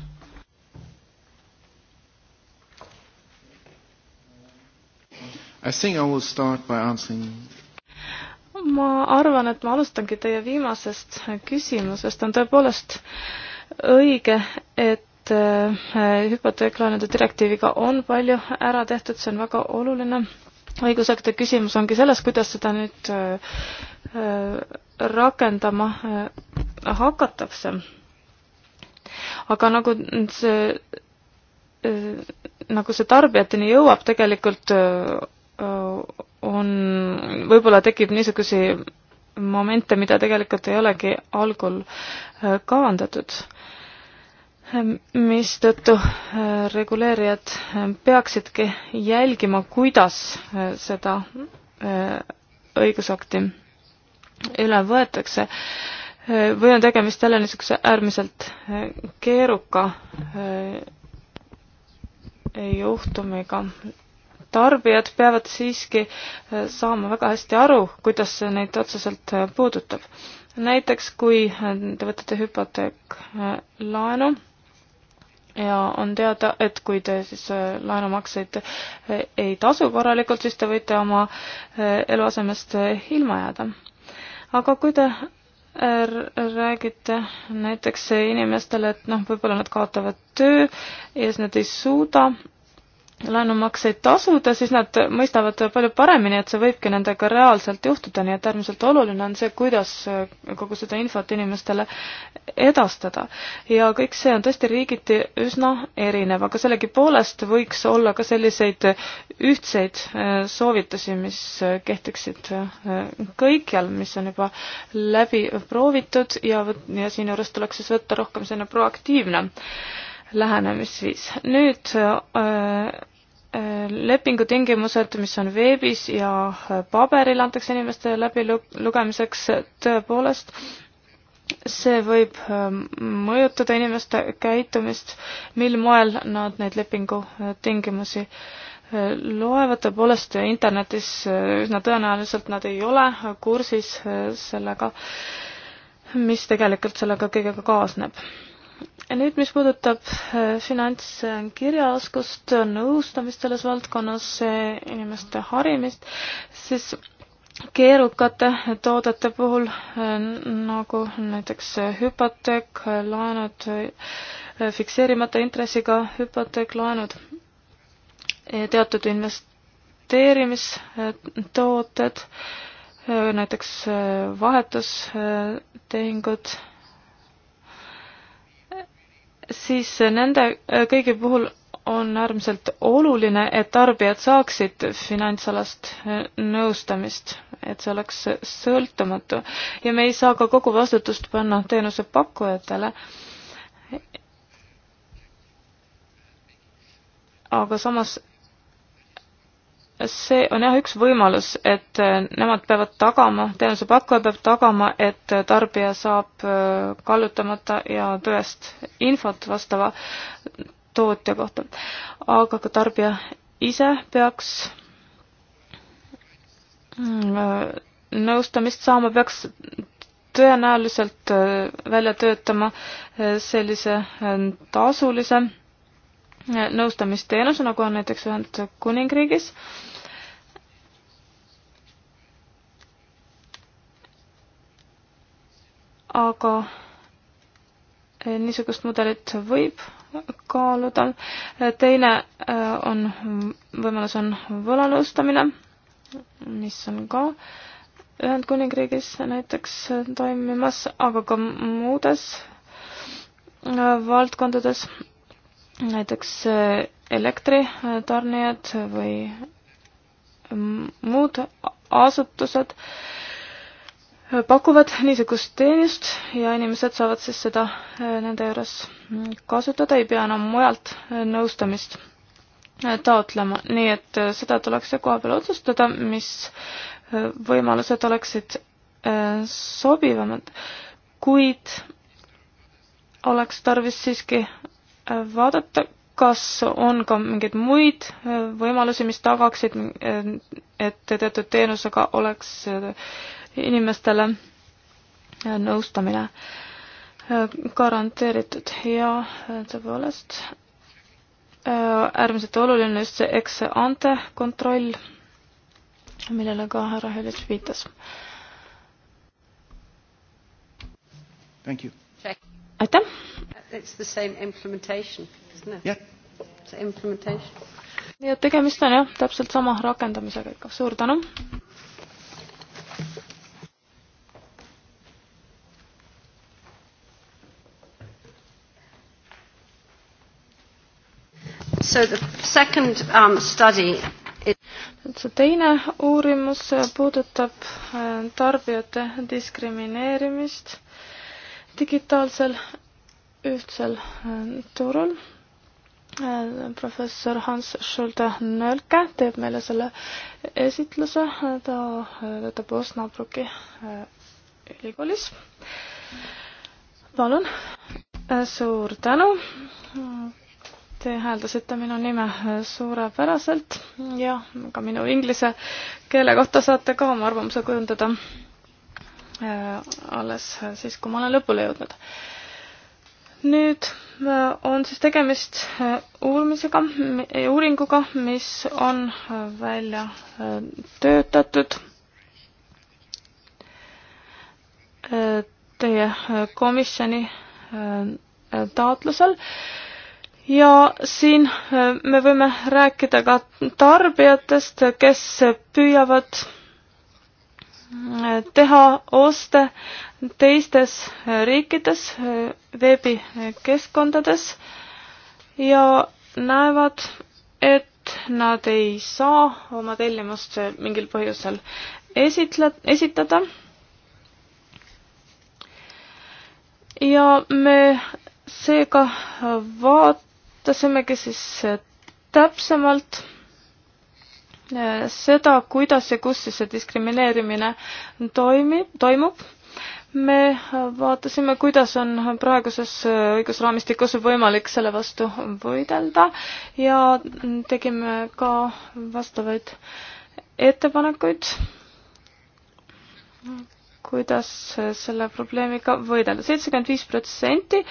I think I will start by answering ma arvan, et ma alustangi teie viimasest küsimusest, on tõepoolest õige, et äh, hüpoteeklaenude direktiiviga on palju ära tehtud, see on väga oluline õigusakti küsimus ongi selles, kuidas seda nüüd äh, äh, rakendama hakatakse. aga nagu see, nagu see tarbijateni jõuab, tegelikult on, võib-olla tekib niisuguseid momente, mida tegelikult ei olegi algul äh, kavandatud, ehm, mistõttu äh, reguleerijad ehm, peaksidki jälgima, kuidas äh, seda õigusakti üle võetakse või on tegemist jälle niisuguse äärmiselt keeruka juhtumiga tarbijad peavad siiski äh, saama väga hästi aru, kuidas see neid otseselt äh, puudutab. näiteks kui äh, te võtate hüpoteeklaenu ja on teada, et kui te siis laenumakseid ei tasu korralikult, siis te võite oma eluasemest ilma jääda. aga kui te räägite näiteks inimestele, et noh, võib-olla nad kaotavad töö ja siis nad ei suuda laenumakseid tasuda, siis nad mõistavad palju paremini, et see võibki nendega reaalselt juhtuda, nii et äärmiselt oluline on see, kuidas kogu seda infot inimestele edastada. ja kõik see on tõesti riigiti üsna erinev, aga sellegipoolest võiks olla ka selliseid ühtseid äh, soovitusi, mis kehtiksid äh, kõikjal, mis on juba läbi proovitud ja, ja siinjuures tuleks siis võtta rohkem selline proaktiivne lähenemisviis. nüüd äh, äh, lepingutingimused, mis on veebis ja äh, paberil antakse inimestele läbi lugemiseks, tõepoolest see võib mõjutada inimeste käitumist, mil moel nad neid lepingutingimusi loevad, tõepoolest internetis üsna tõenäoliselt nad ei ole kursis sellega, mis tegelikult sellega kõigega kaasneb nüüd, mis puudutab äh, finantskirjaoskust, nõustamist selles valdkonnas, inimeste harimist, siis keerukate toodete puhul äh, nagu näiteks äh, hüpoteek, laenud, fikseerimata intressiga hüpoteeklaenud, teatud investeerimistooted, näiteks vahetustehingud siis nende äh, kõigi puhul on äärmiselt oluline, et tarbijad saaksid finantsalast äh, nõustamist, et see oleks sõltumatu ja me ei saa ka kogu vastutust panna teenusepakkujatele. aga samas see on jah üks võimalus, et äh, nemad peavad tagama, teenusepakkuja peab tagama, et äh, tarbija saab äh, kallutamata ja tõest infot vastava tootja kohta. aga ka tarbija ise peaks mm, nõustamist saama, peaks tõenäoliselt välja töötama sellise tasulise nõustamisteenus, nagu on näiteks Ühendkuningriigis. aga eh, niisugust mudelit võib kaaluda. teine eh, on, võimalus on võlanõustamine, mis on ka Ühendkuningriigis näiteks toimimas, aga ka muudes eh, valdkondades näiteks äh, elektritarnijad või mm, muud asutused pakuvad niisugust teenust ja inimesed saavad siis seda äh, nende juures mm, kasutada, ei pea enam mujalt äh, nõustamist taotlema, nii et seda tuleks ju koha peal otsustada, mis võimalused oleksid sobivamad, kuid oleks tarvis siiski vaadata, kas on ka mingeid muid äh, võimalusi, mis tagaksid, äh, et teatud teenusega oleks äh, inimestele nõustamine garanteeritud ja tõepoolest äärmiselt oluline just see ex-ante kontroll, millele ka härra Helits viitas. aitäh! It's the same implementation, isn't it? jah. See implementation. nii et tegemist on jah, täpselt sama rakendamisega ikka, suur tänu. So the second um, study see teine uurimus puudutab äh, tarbijate diskrimineerimist digitaalsel ühtsel äh, turul. Äh, professor Hans Schulde-Nölke teeb meile selle esitluse, ta äh, töötab Osnabruki ülikoolis. palun, suur tänu. Te hääldasite minu nime suurepäraselt ja ka minu inglise keele kohta saate ka oma arvamuse kujundada alles siis, kui ma olen lõpule jõudnud nüüd äh, on siis tegemist äh, uurimisega, äh, uuringuga, mis on välja töötatud teie komisjoni taotlusel ja siin me võime rääkida ka tarbijatest, kes püüavad teha oste teistes riikides, veebikeskkondades ja näevad, et nad ei saa oma tellimust mingil põhjusel esitle-, esitada. ja me seega vaatasimegi siis täpsemalt seda, kuidas ja kus siis see diskrimineerimine toimib, toimub. me vaatasime, kuidas on praeguses õigusraamistikus võimalik selle vastu võidelda ja tegime ka vastavaid ettepanekuid, kuidas selle probleemiga võidelda. seitsekümmend viis protsenti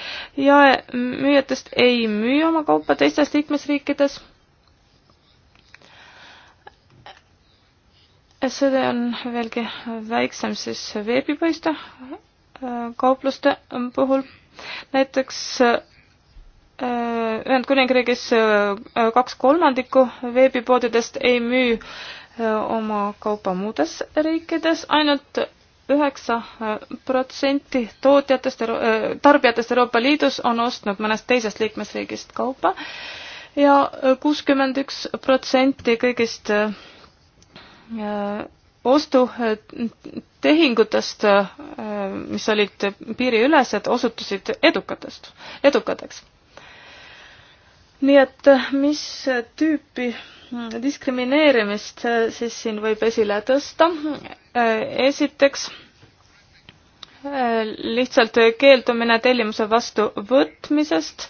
jaemüüjatest ei müü oma kaupa teistes liikmesriikides see on veelgi väiksem siis veebipaiste äh, kaupluste puhul. näiteks äh, Ühendkuningriigis äh, kaks kolmandikku veebipoodidest ei müü oma kaupa muudes riikides ainult, ainult üheksa protsenti tootjatest, tarbijatest Euroopa Liidus on ostnud mõnest teisest liikmesriigist kaupa ja kuuskümmend üks protsenti kõigist Äh, ostutehingutest, äh, äh, mis olid piiriülesed, osutusid edukatest, edukateks. nii et mis tüüpi mm, diskrimineerimist siis siin võib esile tõsta? esiteks lihtsalt keeldumine tellimuse vastuvõtmisest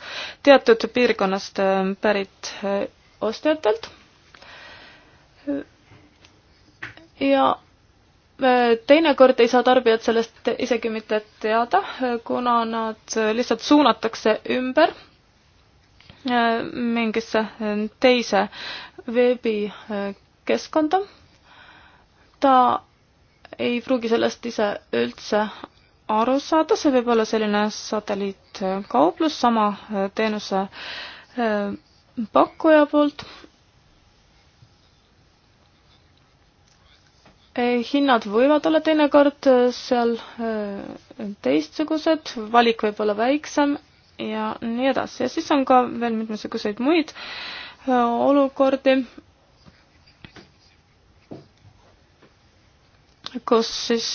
teatud piirkonnast pärit ostjatelt ja e, teinekord ei saa tarbijad sellest isegi mitte teada, kuna nad lihtsalt suunatakse ümber e, mingisse teise veebikeskkonda. ta ei pruugi sellest ise üldse aru saada, see võib olla selline satelliitkauplus sama teenuse e, pakkuja poolt Eh, hinnad võivad olla teinekord eh, seal eh, teistsugused, valik võib olla väiksem ja nii edasi ja siis on ka veel mitmesuguseid muid olukordi, kus siis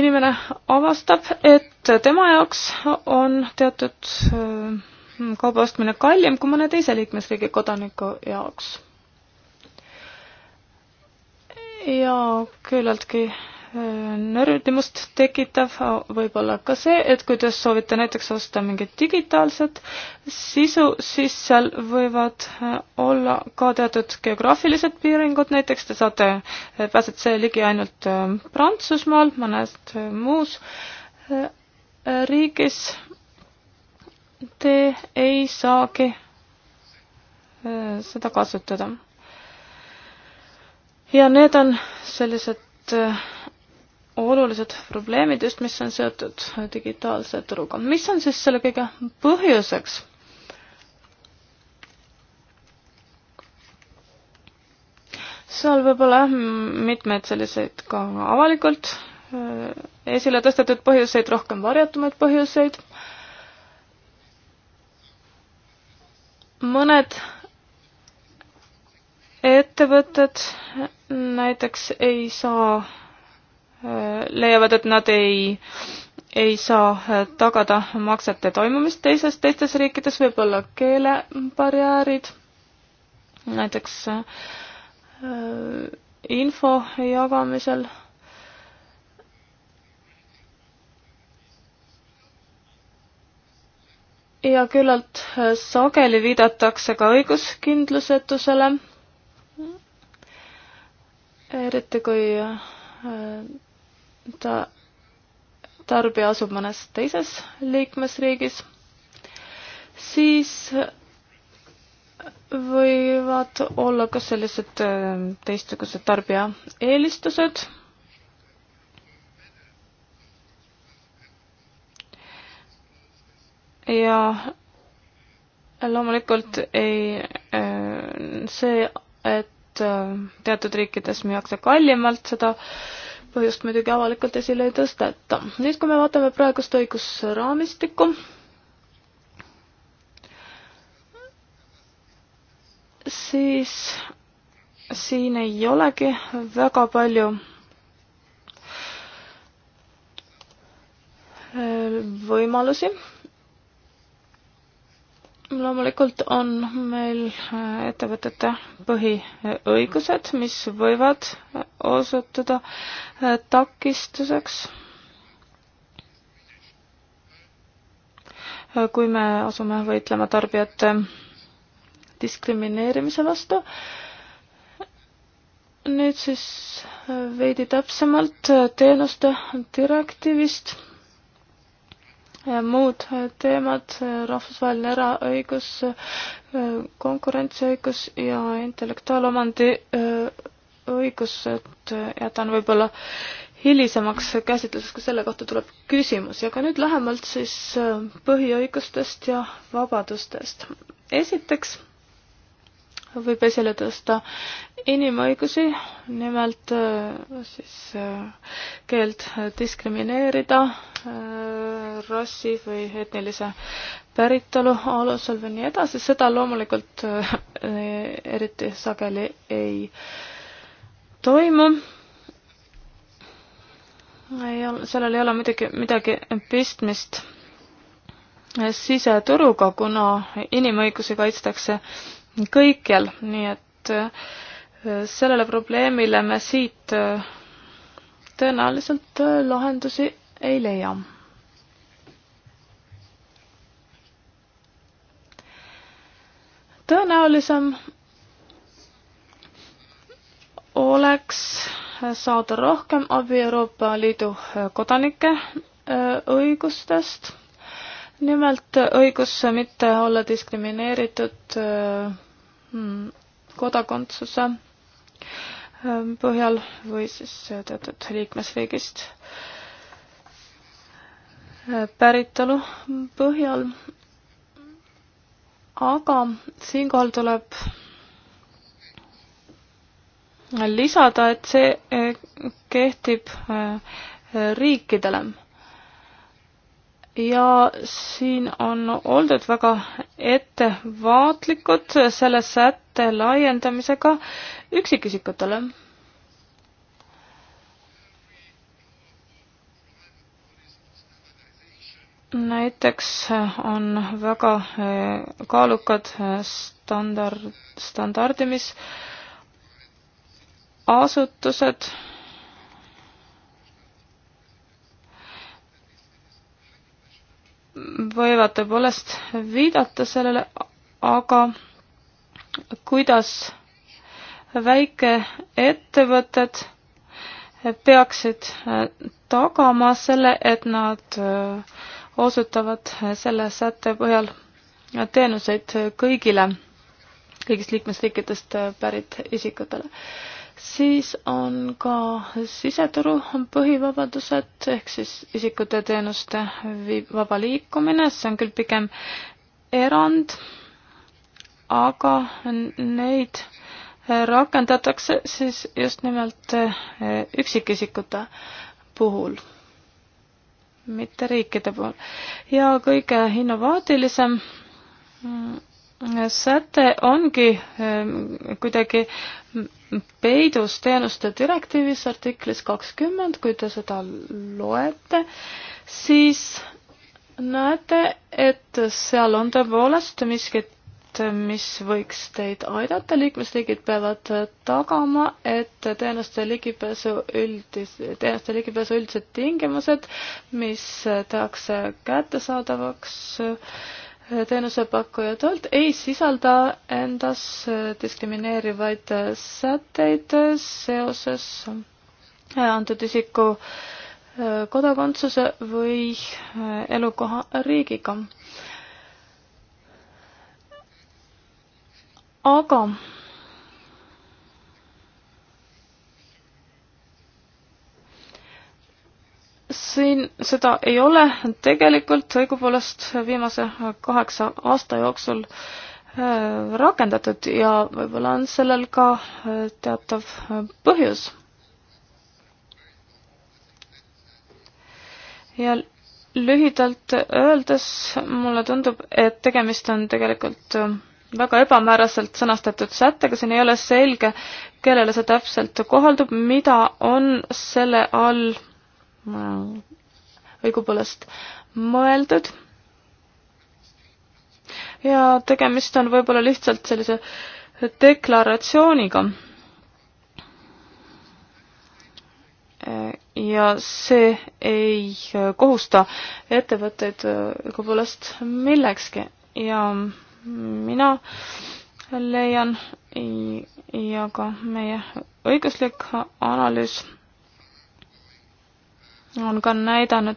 inimene avastab, et tema jaoks on teatud kauba ostmine kallim kui mõne teise liikmesriigi kodaniku jaoks ja küllaltki äh, nördimust tekitav võib-olla ka see, et kui te soovite näiteks osta mingit digitaalset sisu, siis seal võivad äh, olla ka teatud geograafilised piiringud, näiteks te saate, äh, pääsete see ligi ainult Prantsusmaal, mõnest muus riigis te ei saagi seda kasutada ja need on sellised äh, olulised probleemid just, mis on seotud digitaalse turuga. mis on siis selle kõige põhjuseks? seal võib olla mm, mitmeid selliseid ka avalikult äh, esile tõstetud põhjuseid, rohkem varjatumaid põhjuseid. mõned ettevõtted näiteks ei saa, äh, leiavad, et nad ei, ei saa äh, tagada maksete toimumist teises, teistes riikides võib olla keelebarjäärid, näiteks äh, info jagamisel. ja küllalt sageli viidatakse ka õiguskindlusetusele eriti kui äh, ta, tarbija asub mõnes teises liikmesriigis, siis võivad olla ka sellised äh, teistsugused tarbija eelistused. ja loomulikult ei, äh, see, et et äh, teatud riikides müüakse kallimalt, seda põhjust muidugi avalikult esile ei tõsteta. nüüd, kui me vaatame praegust õigusraamistikku, siis siin ei olegi väga palju äh, võimalusi loomulikult on meil äh, ettevõtete põhiõigused, mis võivad äh, osutuda äh, takistuseks. kui me asume võitlema tarbijate diskrimineerimise vastu. nüüd siis veidi täpsemalt teenuste direktiivist muud teemad, rahvusvaheline eraõigus, konkurentsiõigus ja intellektuaalomandi äh, õigus, et jätan võib-olla hilisemaks käsitluseks, kui selle kohta tuleb küsimusi, aga nüüd lähemalt siis äh, põhiõigustest ja vabadustest. esiteks võib esile tõsta inimõigusi, nimelt äh, siis äh, keeld äh, diskrimineerida rassi või etnilise päritolu alusel või nii edasi, seda loomulikult eriti sageli ei toimu. ei ole, sellel ei ole muidugi midagi pistmist siseturuga, kuna inimõigusi kaitstakse kõikjal, nii et äh, sellele probleemile me siit äh, tõenäoliselt äh, lahendusi ei leia. tõenäolisem oleks saada rohkem abi Euroopa Liidu kodanike õigustest nimelt õigus mitte olla diskrimineeritud äh, hmm, kodakondsuse äh, põhjal või siis teatud liikmesriigist äh, päritolu põhjal. aga siinkohal tuleb lisada, et see kehtib riikidele ja siin on oldud väga ettevaatlikud selle sätte laiendamisega üksikisikutele. näiteks on väga eh, kaalukad eh, standard, standardimisasutused võivad tõepoolest viidata sellele, aga kuidas väikeettevõtted peaksid äh, tagama selle, et nad äh, osutavad äh, selle sätte põhjal teenuseid kõigile, kõigist liikmesriikidest pärit isikutele siis on ka siseturu põhivabadused ehk siis isikute teenuste vaba liikumine, see on küll pigem erand, aga neid rakendatakse siis just nimelt eh, üksikisikute puhul, mitte riikide puhul. ja kõige innovaatilisem mm, säte ongi ehm, kuidagi peidus teenuste direktiivis artiklis kakskümmend, kui te seda loete, siis näete, et seal on tõepoolest miskit, mis võiks teid aidata, liikmesriigid peavad tagama, et teenuste ligipääsu üldis, teenuste ligipääsu üldised tingimused, mis tehakse kättesaadavaks äh, teenusepakkujatelt ei sisalda endas äh, diskrimineerivaid äh, sätteid äh, seoses antud isiku kodakondsuse või elukoha riigiga. aga siin seda ei ole, tegelikult õigupoolest viimase kaheksa aasta jooksul äh, rakendatud ja võib-olla on sellel ka äh, teatav äh, põhjus. ja lühidalt öeldes mulle tundub, et tegemist on tegelikult väga ebamääraselt sõnastatud sättega, siin ei ole selge, kellele see täpselt kohaldub, mida on selle all õigupoolest mõeldud. ja tegemist on võib-olla lihtsalt sellise deklaratsiooniga. ja see ei kohusta ettevõtteid õigupoolest millekski ja mina leian ja ka meie õiguslik analüüs on ka näidanud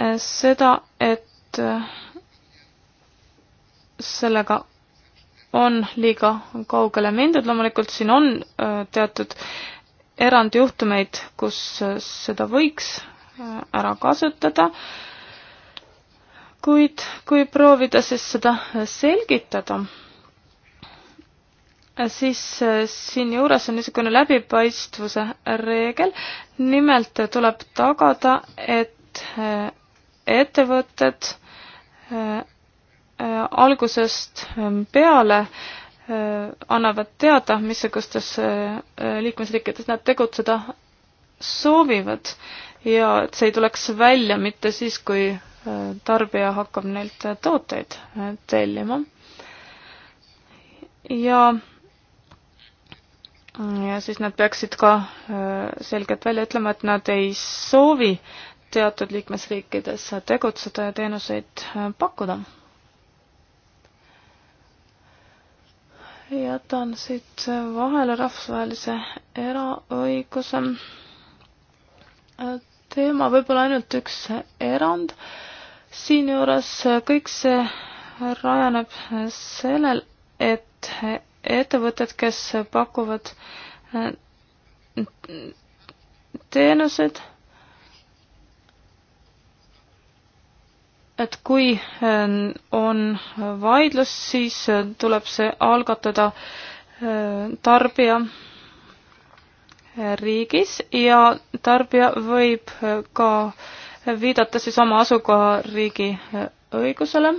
eh, seda, et eh, sellega on liiga kaugele mindud, loomulikult siin on eh, teatud erandjuhtumeid, kus seda võiks ära kasutada, kuid kui proovida siis seda selgitada Äh, siis äh, siinjuures on niisugune läbipaistvuse reegel. nimelt tuleb tagada, et äh, ettevõtted algusest ähm, peale annavad teada, missugustes liikmesriikides nad tegutseda soovivad ja et see ei tuleks välja mitte siis, kui tarbija hakkab neilt tooteid tellima. ja ja siis nad peaksid ka äh, selgelt välja ütlema, et nad ei soovi teatud liikmesriikides tegutseda ja teenuseid äh, pakkuda. jätan siit vahele rahvusvahelise eraõiguse äh, teema, võib-olla ainult üks erand. siinjuures kõik see rajaneb sellel, et ettevõtted, kes pakuvad äh, teenused, et kui äh, on vaidlus, siis äh, tuleb see algatada tarbija riigis ja tarbija võib ka viidata siis oma asukohariigi õigusele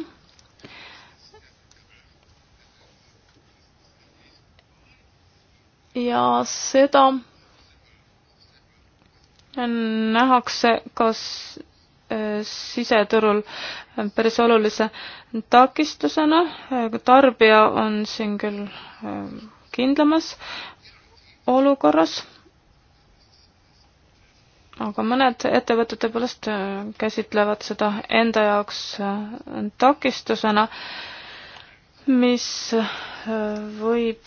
ja seda nähakse ka äh, siseturul päris olulise takistusena, äh, tarbija on siin küll äh, kindlamas olukorras, aga mõned ettevõtted tõepoolest käsitlevad seda enda jaoks takistusena, mis võib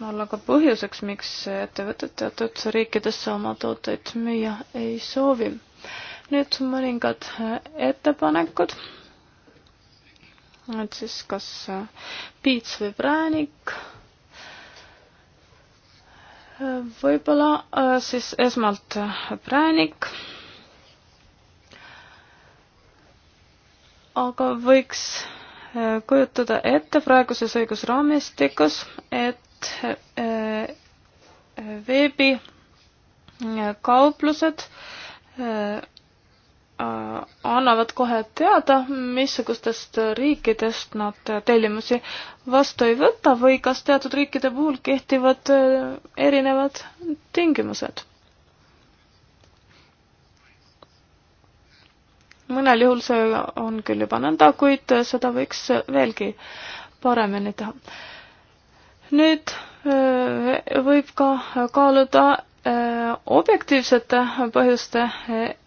olla ka põhjuseks, miks ettevõtted teatud riikidesse oma tooteid müüa ei soovi. nüüd mõningad ettepanekud. et siis kas äh, piits või präänik. võib-olla äh, siis esmalt äh, präänik aga võiks kujutada ette praeguses õigusraamistikus, et Äh, veebikauplused äh, äh, annavad kohe teada, missugustest riikidest nad tellimusi vastu ei võta või kas teatud riikide puhul kehtivad erinevad tingimused. mõnel juhul see on küll juba nõnda, kuid seda võiks veelgi paremini teha nüüd äh, võib ka kaaluda äh, objektiivsete põhjuste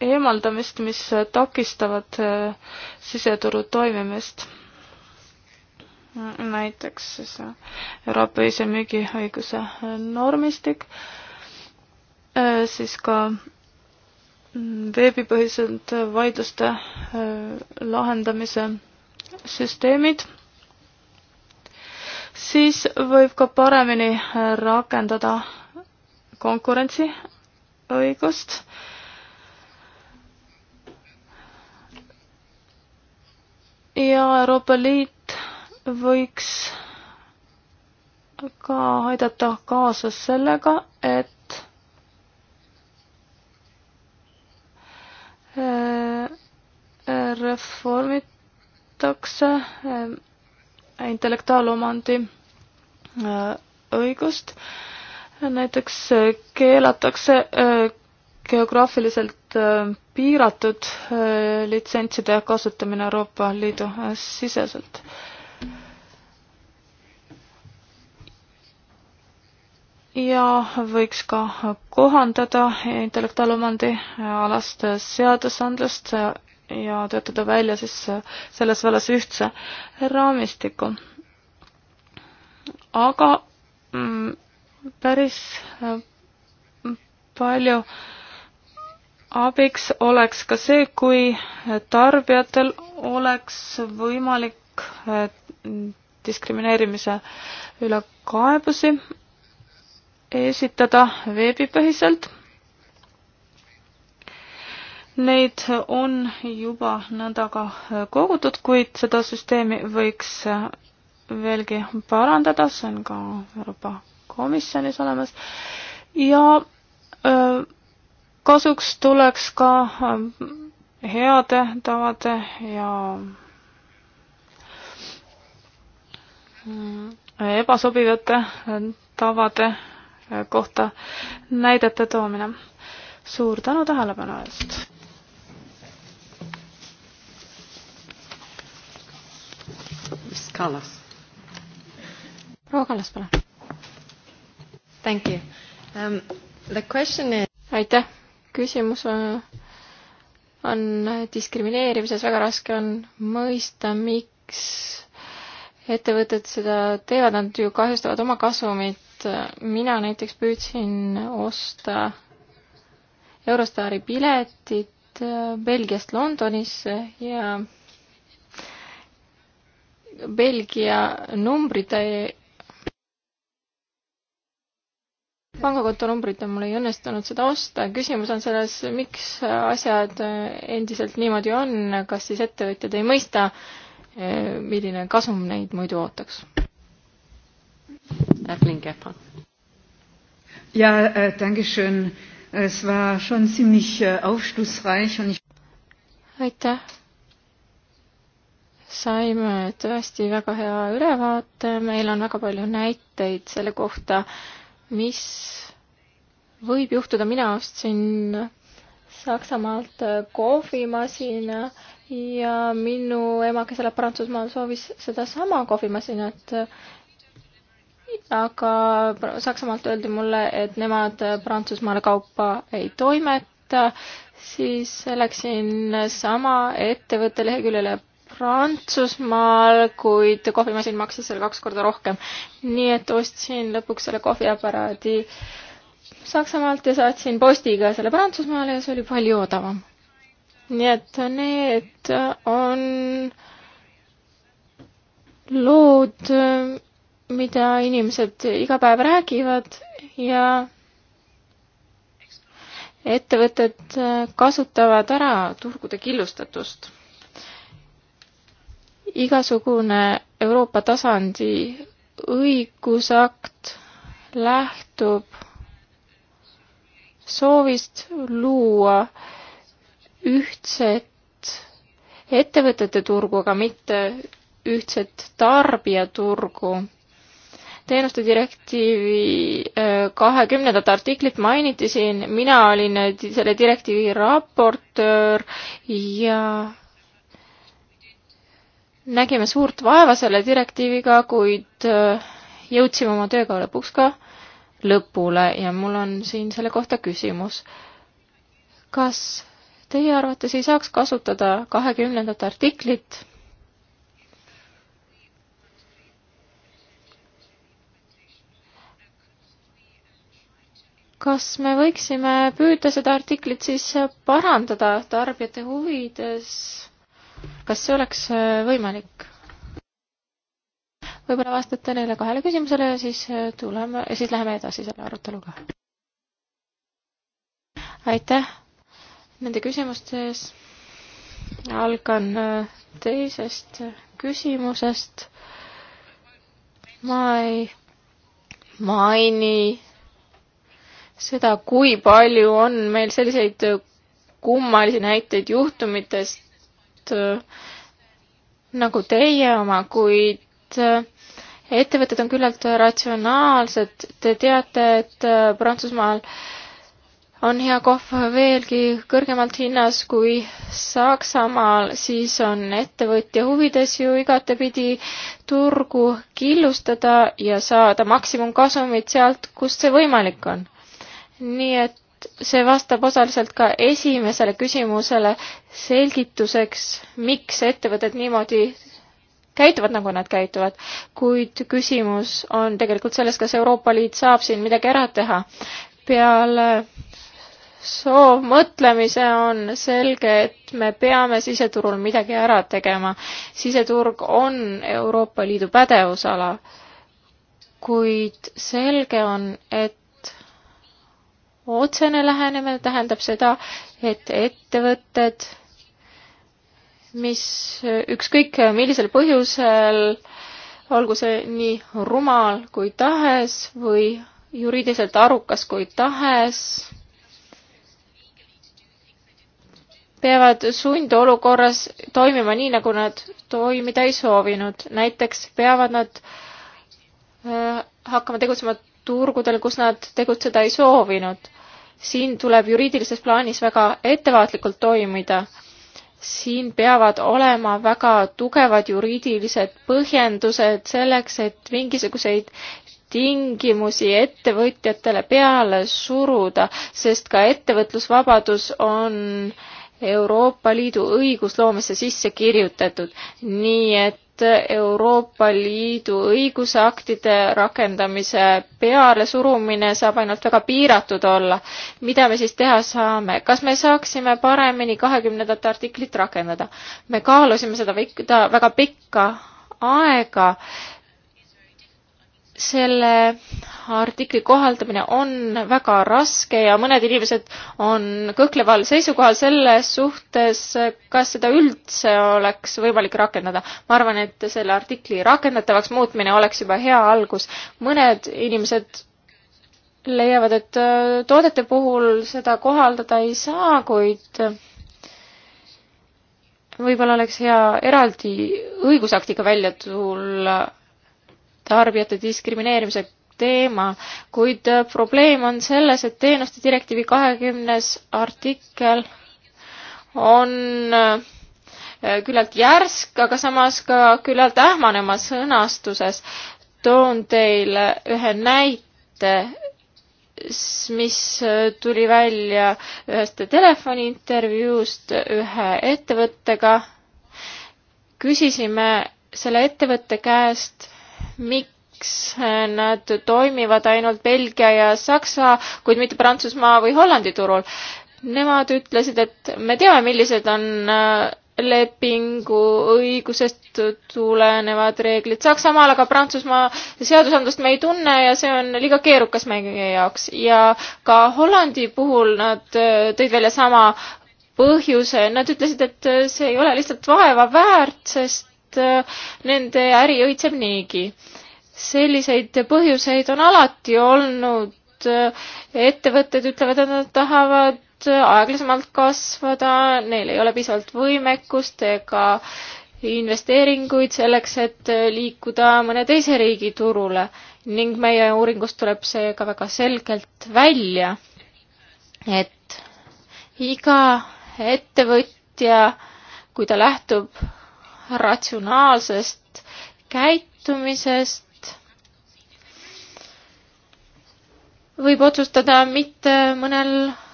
eemaldamist, mis takistavad äh, siseturu toimimist. näiteks siis Euroopa ühise müügiõiguse normistik, siis ka mm, veebipõhiselt vaidluste lahendamise süsteemid siis võib ka paremini äh, rakendada konkurentsiõigust. ja Euroopa Liit võiks ka aidata kaasa sellega, et äh, reformitakse äh, intellektuaalomandi äh, õigust. näiteks äh, keelatakse äh, geograafiliselt piiratud litsentside kasutamine Euroopa Liidu siseselt. ja võiks ka kohandada intellektuaalomandi alast seadusandlust ja töötada välja siis äh, selles vallas ühtse raamistiku. aga mm, päris äh, palju abiks oleks ka see, kui tarbijatel oleks võimalik äh, diskrimineerimise üle kaebusi esitada veebipõhiselt Neid on juba nõnda ka kogutud, kuid seda süsteemi võiks veelgi parandada, see on ka Euroopa Komisjonis olemas ja öö, kasuks tuleks ka heade tavade ja ebasobivate tavade kohta näidete toomine. suur tänu tähelepanu eest! Kallas. proua Kallas, palun. Thank you um,. The question is. aitäh. küsimus on, äh, on diskrimineerimises väga raske on mõista, miks ettevõtted seda teevad, nad ju kahjustavad oma kasumit. mina näiteks püüdsin osta Eurostaari piletit äh, Belgiast Londonisse ja Belgia numbrid pangakonto numbrit ja mul ei õnnestunud seda osta. küsimus on selles, miks asjad endiselt niimoodi on, kas siis ettevõtjad ei mõista, milline kasum neid muidu ootaks? Evelyn Gephardt. Ja, äh, danke schön. Es war schon ziemlich äh, aufschlussreich und ich aitäh saime tõesti väga hea ülevaate, meil on väga palju näiteid selle kohta, mis võib juhtuda, mina ostsin Saksamaalt kohvimasina ja minu ema, kes elab Prantsusmaal, soovis sedasama kohvimasinat. aga Saksamaalt öeldi mulle, et nemad Prantsusmaale kaupa ei toimeta, siis läksin sama ettevõtte leheküljele Prantsusmaal, kuid kohvimasin maksis selle kaks korda rohkem. nii et ostsin lõpuks selle kohviaparaadi Saksamaalt ja saatsin postiga selle Prantsusmaale ja see oli palju odavam. nii et need on lood, mida inimesed iga päev räägivad ja ettevõtted kasutavad ära turgude killustatust igasugune Euroopa tasandi õigusakt lähtub soovist luua ühtset ettevõtete turgu, aga mitte ühtset tarbijaturgu. teenuste direktiivi äh, kahekümnendat artiklit mainiti siin, mina olin äh, selle direktiivi raportöör ja nägime suurt vaeva selle direktiiviga, kuid äh, jõudsime oma tööga lõpuks ka lõpule ja mul on siin selle kohta küsimus. kas teie arvates ei saaks kasutada kahekümnendat artiklit? kas me võiksime püüda seda artiklit siis parandada tarbijate huvides? kas see oleks äh, võimalik? võib-olla vastate neile kahele küsimusele ja siis äh, tuleme, siis läheme edasi selle aruteluga. aitäh nende küsimuste ees. algan äh, teisest küsimusest. ma ei maini seda, kui palju on meil selliseid kummalisi näiteid juhtumitest, olnud äh, nagu teie oma, kuid äh, ettevõtted on küllalt ratsionaalsed. Te teate, et äh, Prantsusmaal on hea kohv veelgi kõrgemalt hinnas kui Saksamaal, siis on ettevõtja huvides ju igatepidi turgu killustada ja saada maksimumkasumit sealt, kust see võimalik on. nii et see vastab osaliselt ka esimesele küsimusele selgituseks, miks ettevõtted niimoodi käituvad, nagu nad käituvad, kuid küsimus on tegelikult selles, kas Euroopa Liit saab siin midagi ära teha. peale soovmõtlemise on selge, et me peame siseturul midagi ära tegema. siseturg on Euroopa Liidu pädevusala, kuid selge on, et otsene lähenemine tähendab seda, et ettevõtted, mis ükskõik millisel põhjusel, olgu see nii rumal kui tahes või juriidiliselt arukas kui tahes, peavad sundolukorras toimima nii, nagu nad toimida ei soovinud. näiteks peavad nad äh, hakkama tegutsema turgudel, kus nad tegutseda ei soovinud siin tuleb juriidilises plaanis väga ettevaatlikult toimida. siin peavad olema väga tugevad juriidilised põhjendused selleks, et mingisuguseid tingimusi ettevõtjatele peale suruda, sest ka ettevõtlusvabadus on Euroopa Liidu õigusloomesse sisse kirjutatud, nii et Euroopa Liidu õigusaktide rakendamise pealesurumine saab ainult väga piiratud olla. mida me siis teha saame, kas me saaksime paremini kahekümnendat artiklit rakendada? me kaalusime seda väga pikka aega selle artikli kohaldamine on väga raske ja mõned inimesed on kõhkleval seisukohal selles suhtes, kas seda üldse oleks võimalik rakendada. ma arvan, et selle artikli rakendatavaks muutmine oleks juba hea algus. mõned inimesed leiavad, et äh, toodete puhul seda kohaldada ei saa, kuid võib-olla oleks hea eraldi õigusaktiga välja tulla tarbijate diskrimineerimise teema, kuid äh, probleem on selles, et teenuste direktiivi kahekümnes artikkel on äh, küllalt järsk, aga samas ka küllalt ähmanema sõnastuses. toon teile ühe näite, mis äh, tuli välja ühest telefoniintervjuust ühe ettevõttega. küsisime selle ettevõtte käest miks nad toimivad ainult Belgia ja Saksa, kuid mitte Prantsusmaa või Hollandi turul. Nemad ütlesid, et me teame, millised on äh, lepingu õigusest tulenevad reeglid Saksamaal, aga Prantsusmaa seadusandlust me ei tunne ja see on liiga keerukas meie jaoks ja ka Hollandi puhul nad äh, tõid välja sama põhjuse, nad ütlesid, et äh, see ei ole lihtsalt vaeva väärt, sest et äh, nende äri õitseb niigi. selliseid põhjuseid on alati olnud. Äh, ettevõtted ütlevad, et nad tahavad äh, aeglasemalt kasvada, neil ei ole piisavalt võimekust ega investeeringuid selleks, et liikuda mõne teise riigi turule ning meie uuringust tuleb see ka väga selgelt välja, et iga ettevõtja, kui ta lähtub ratsionaalsest käitumisest võib otsustada mitte mõnel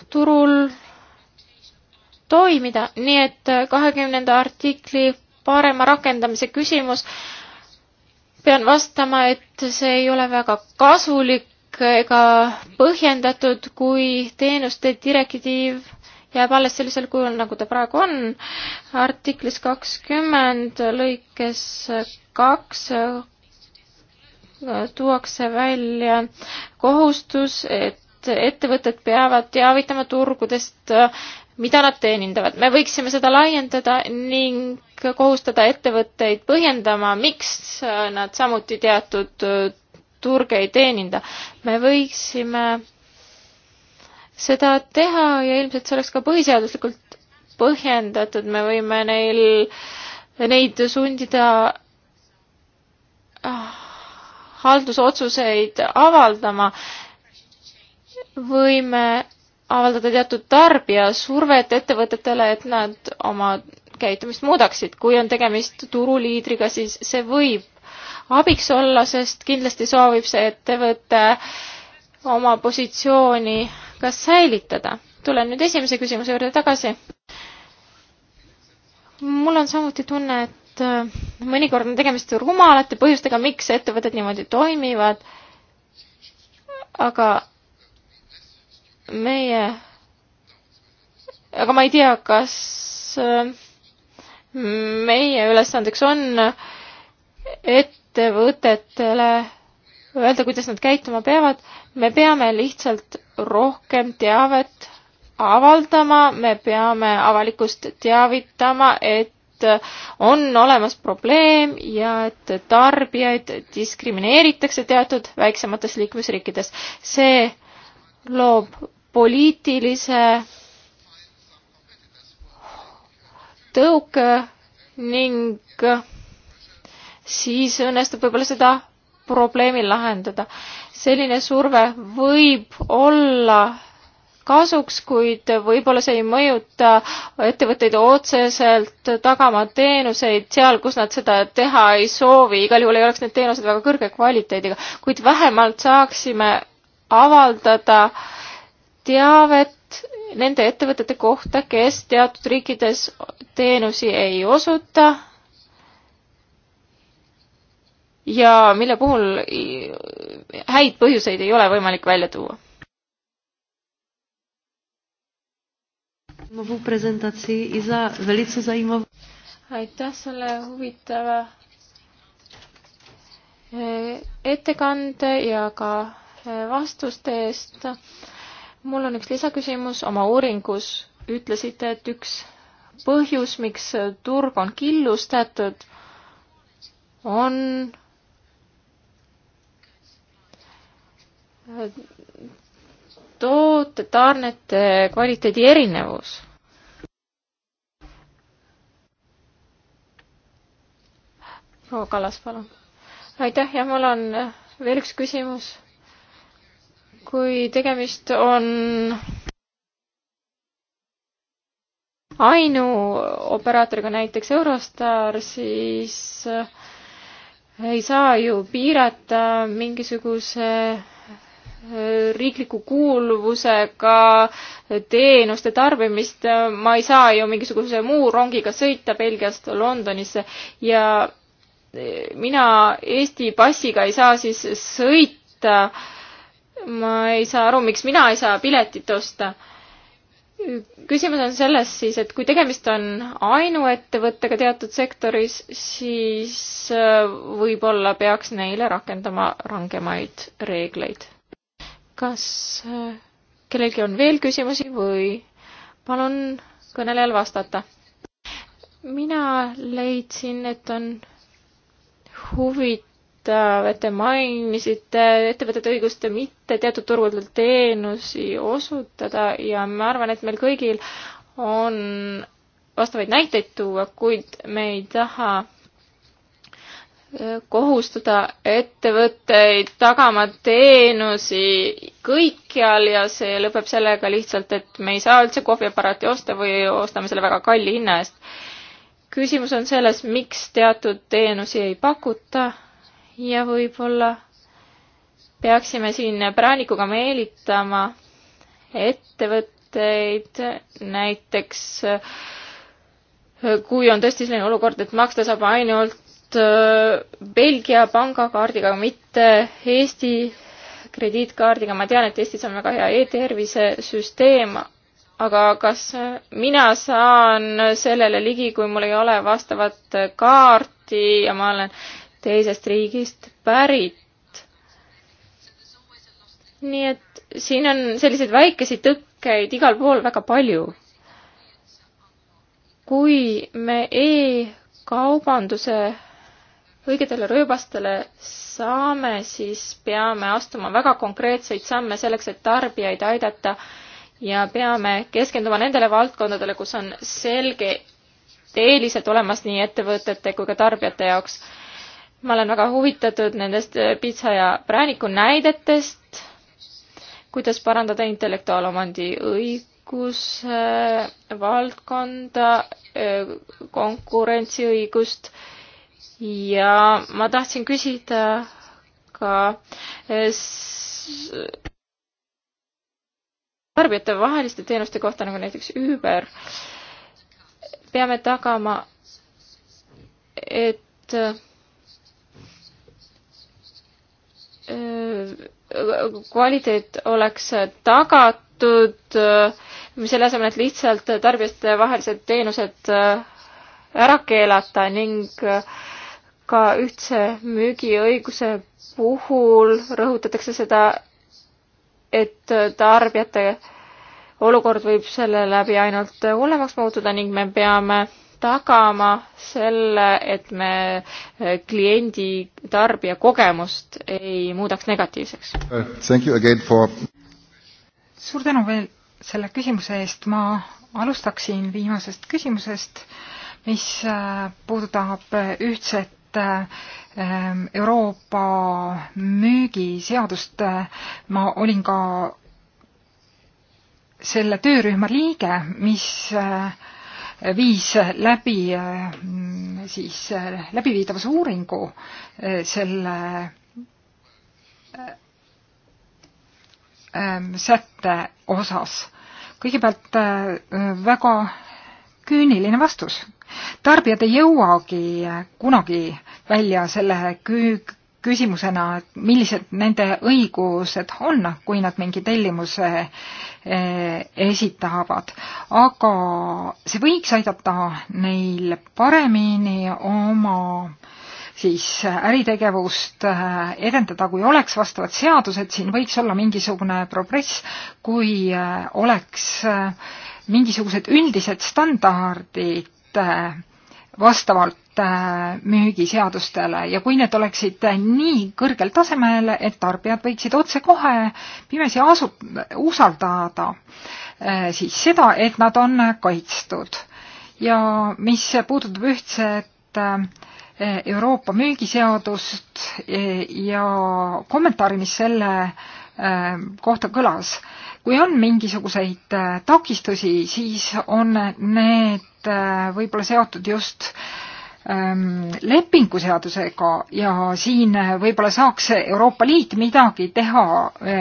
turul toimida, nii et kahekümnenda artikli parema rakendamise küsimus, pean vastama, et see ei ole väga kasulik ega põhjendatud, kui teenuste direktiiv jääb alles sellisel kujul, nagu ta praegu on. artiklis kakskümmend lõikes kaks äh, tuuakse välja kohustus, et ettevõtted peavad teavitama turgudest, äh, mida nad teenindavad. me võiksime seda laiendada ning kohustada ettevõtteid põhjendama, miks äh, nad samuti teatud turge ei teeninda. me võiksime seda teha ja ilmselt see oleks ka põhiseaduslikult põhjendatud, me võime neil, neid sundida ah, haldusotsuseid avaldama, võime avaldada teatud tarbija survet ettevõtetele, et nad oma käitumist muudaksid. kui on tegemist turuliidriga, siis see võib abiks olla, sest kindlasti soovib see ettevõte äh, oma positsiooni ka säilitada. tulen nüüd esimese küsimuse juurde tagasi. mul on samuti tunne, et äh, mõnikord on tegemist rumalate põhjustega, miks ettevõtted niimoodi toimivad, aga meie, aga ma ei tea, kas äh, meie ülesandeks on äh, ettevõtetele öelda, kuidas nad käituma peavad. me peame lihtsalt rohkem teavet avaldama, me peame avalikkust teavitama, et on olemas probleem ja et tarbijaid diskrimineeritakse teatud väiksemates liikmesriikides. see loob poliitilise tõuke ning siis õnnestub võib-olla seda probleemi lahendada. selline surve võib olla kasuks, kuid võib-olla see ei mõjuta ettevõtteid otseselt tagama teenuseid seal, kus nad seda teha ei soovi, igal juhul ei oleks need teenused väga kõrge kvaliteediga, kuid vähemalt saaksime avaldada teavet nende ettevõtete kohta, kes teatud riikides teenusi ei osuta ja mille puhul häid põhjuseid ei ole võimalik välja tuua. aitäh selle huvitava eh, ettekande ja ka eh, vastuste eest. mul on üks lisaküsimus, oma uuringus ütlesite, et üks põhjus, miks turg on killustatud, on toote, tarnete kvaliteedi erinevus proua Kallas, palun. aitäh ja mul on veel üks küsimus. kui tegemist on ainuoperaatoriga, näiteks Eurostar, siis ei saa ju piirata mingisuguse riikliku kuuluvusega teenuste tarbimist, ma ei saa ju mingisuguse muu rongiga sõita Belgiast Londonisse ja mina Eesti passiga ei saa siis sõita. ma ei saa aru, miks mina ei saa piletit osta. küsimus on selles siis, et kui tegemist on ainuettevõttega teatud sektoris, siis võib-olla peaks neile rakendama rangemaid reegleid kas äh, kellelgi on veel küsimusi või palun kõnelejal vastata? mina leidsin, et on huvitav, et te mainisite ettevõtete õigust mitte teatud turgudel teenusi osutada ja ma arvan, et meil kõigil on vastavaid näiteid tuua, kuid me ei taha kohustada ettevõtteid tagama teenusi kõikjal ja see lõpeb sellega lihtsalt, et me ei saa üldse kohviaparaati osta või ostame selle väga kalli hinna eest. küsimus on selles, miks teatud teenusi ei pakuta ja võib-olla peaksime siin präänikuga meelitama ettevõtteid näiteks kui on tõesti selline olukord, et maksta saab ainult Äh, Belgia pangakaardiga, mitte Eesti krediitkaardiga, ma tean, et Eestis on väga hea e-tervise süsteem, aga kas mina saan sellele ligi, kui mul ei ole vastavat kaarti ja ma olen teisest riigist pärit? nii et siin on selliseid väikeseid tõkkeid igal pool väga palju. kui me e-kaubanduse õigetele rööbastele saame, siis peame astuma väga konkreetseid samme selleks, et tarbijaid aidata ja peame keskenduma nendele valdkondadele, kus on selge eelised olemas nii ettevõtete kui ka tarbijate jaoks. ma olen väga huvitatud nendest äh, pitsa ja prääniku näidetest, kuidas parandada intellektuaalomandi õiguse äh, valdkonda, äh, konkurentsiõigust äh, ja ma tahtsin küsida ka eh, tarbijatevaheliste teenuste kohta, nagu näiteks Uber. peame tagama, et eh, kvaliteet oleks tagatud, eh, selle asemel, et lihtsalt tarbijate vahelised teenused ära keelata ning äh, ka ühtse müügiõiguse puhul rõhutatakse seda, et tarbijate olukord võib selle läbi ainult hullemaks muutuda ning me peame tagama selle, et me kliendi, tarbija kogemust ei muudaks negatiivseks. For... suur tänu veel selle küsimuse eest, ma alustaksin viimasest küsimusest, mis äh, puudutab ühtset Ähm, Euroopa müügiseadust, äh, ma olin ka selle töörühma liige, mis äh, viis läbi äh, siis läbiviidavusuuringu selle sätte osas. kõigepealt väga küüniline vastus. tarbijad ei jõuagi kunagi välja selle küü-, küsimusena, et millised nende õigused on, kui nad mingi tellimuse eh, esitavad. aga see võiks aidata neil paremini oma siis äritegevust eh, edendada, kui oleks vastavad seadused, siin võiks olla mingisugune progress, kui eh, oleks äh, mingisugused üldised standardid äh, vastavalt äh, müügiseadustele ja kui need oleksid äh, nii kõrgel tasemel, et tarbijad võiksid otsekohe pimesi asu-, usaldada siis seda, et nad on kaitstud. ja mis puudutab ühtset Euroopa müügiseadust ja kommentaari, mis selle kohta kõlas, kui on mingisuguseid äh, takistusi, siis on need äh, võib-olla seotud just ähm, lepinguseadusega ja siin äh, võib-olla saaks Euroopa Liit midagi teha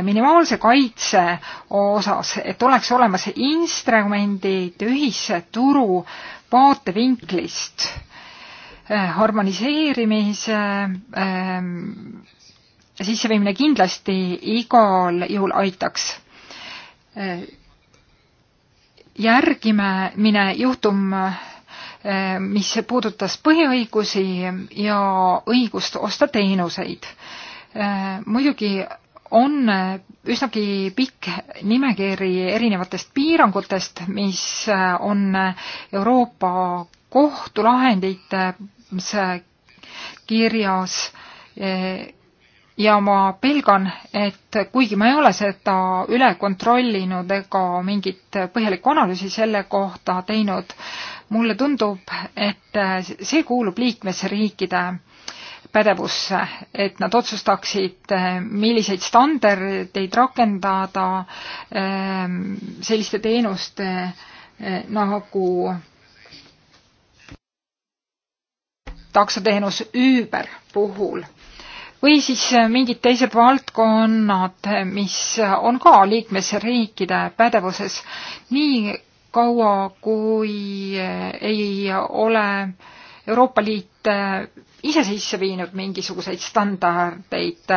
minimaalse kaitse osas, et oleks olemas instrumendid ühise turu vaatevinklist harmoniseerimise ähm, sisseviimine kindlasti igal juhul aitaks järgimine juhtum, eh, mis puudutas põhiõigusi ja õigust osta teenuseid. Eh, muidugi on üsnagi pikk nimekiri erinevatest piirangutest, mis eh, on Euroopa kohtulahendites kirjas ja ma pelgan, et kuigi ma ei ole seda üle kontrollinud ega mingit põhjalikku analüüsi selle kohta teinud, mulle tundub, et see kuulub liikmesriikide pädevusse, et nad otsustaksid, milliseid standardeid rakendada ehm, selliste teenuste eh, nagu taksoteenus Uber puhul või siis äh, mingid teised valdkonnad, äh, mis äh, on ka liikmesriikide pädevuses. nii kaua, kui ei ole Euroopa Liit ise sisse viinud mingisuguseid standardeid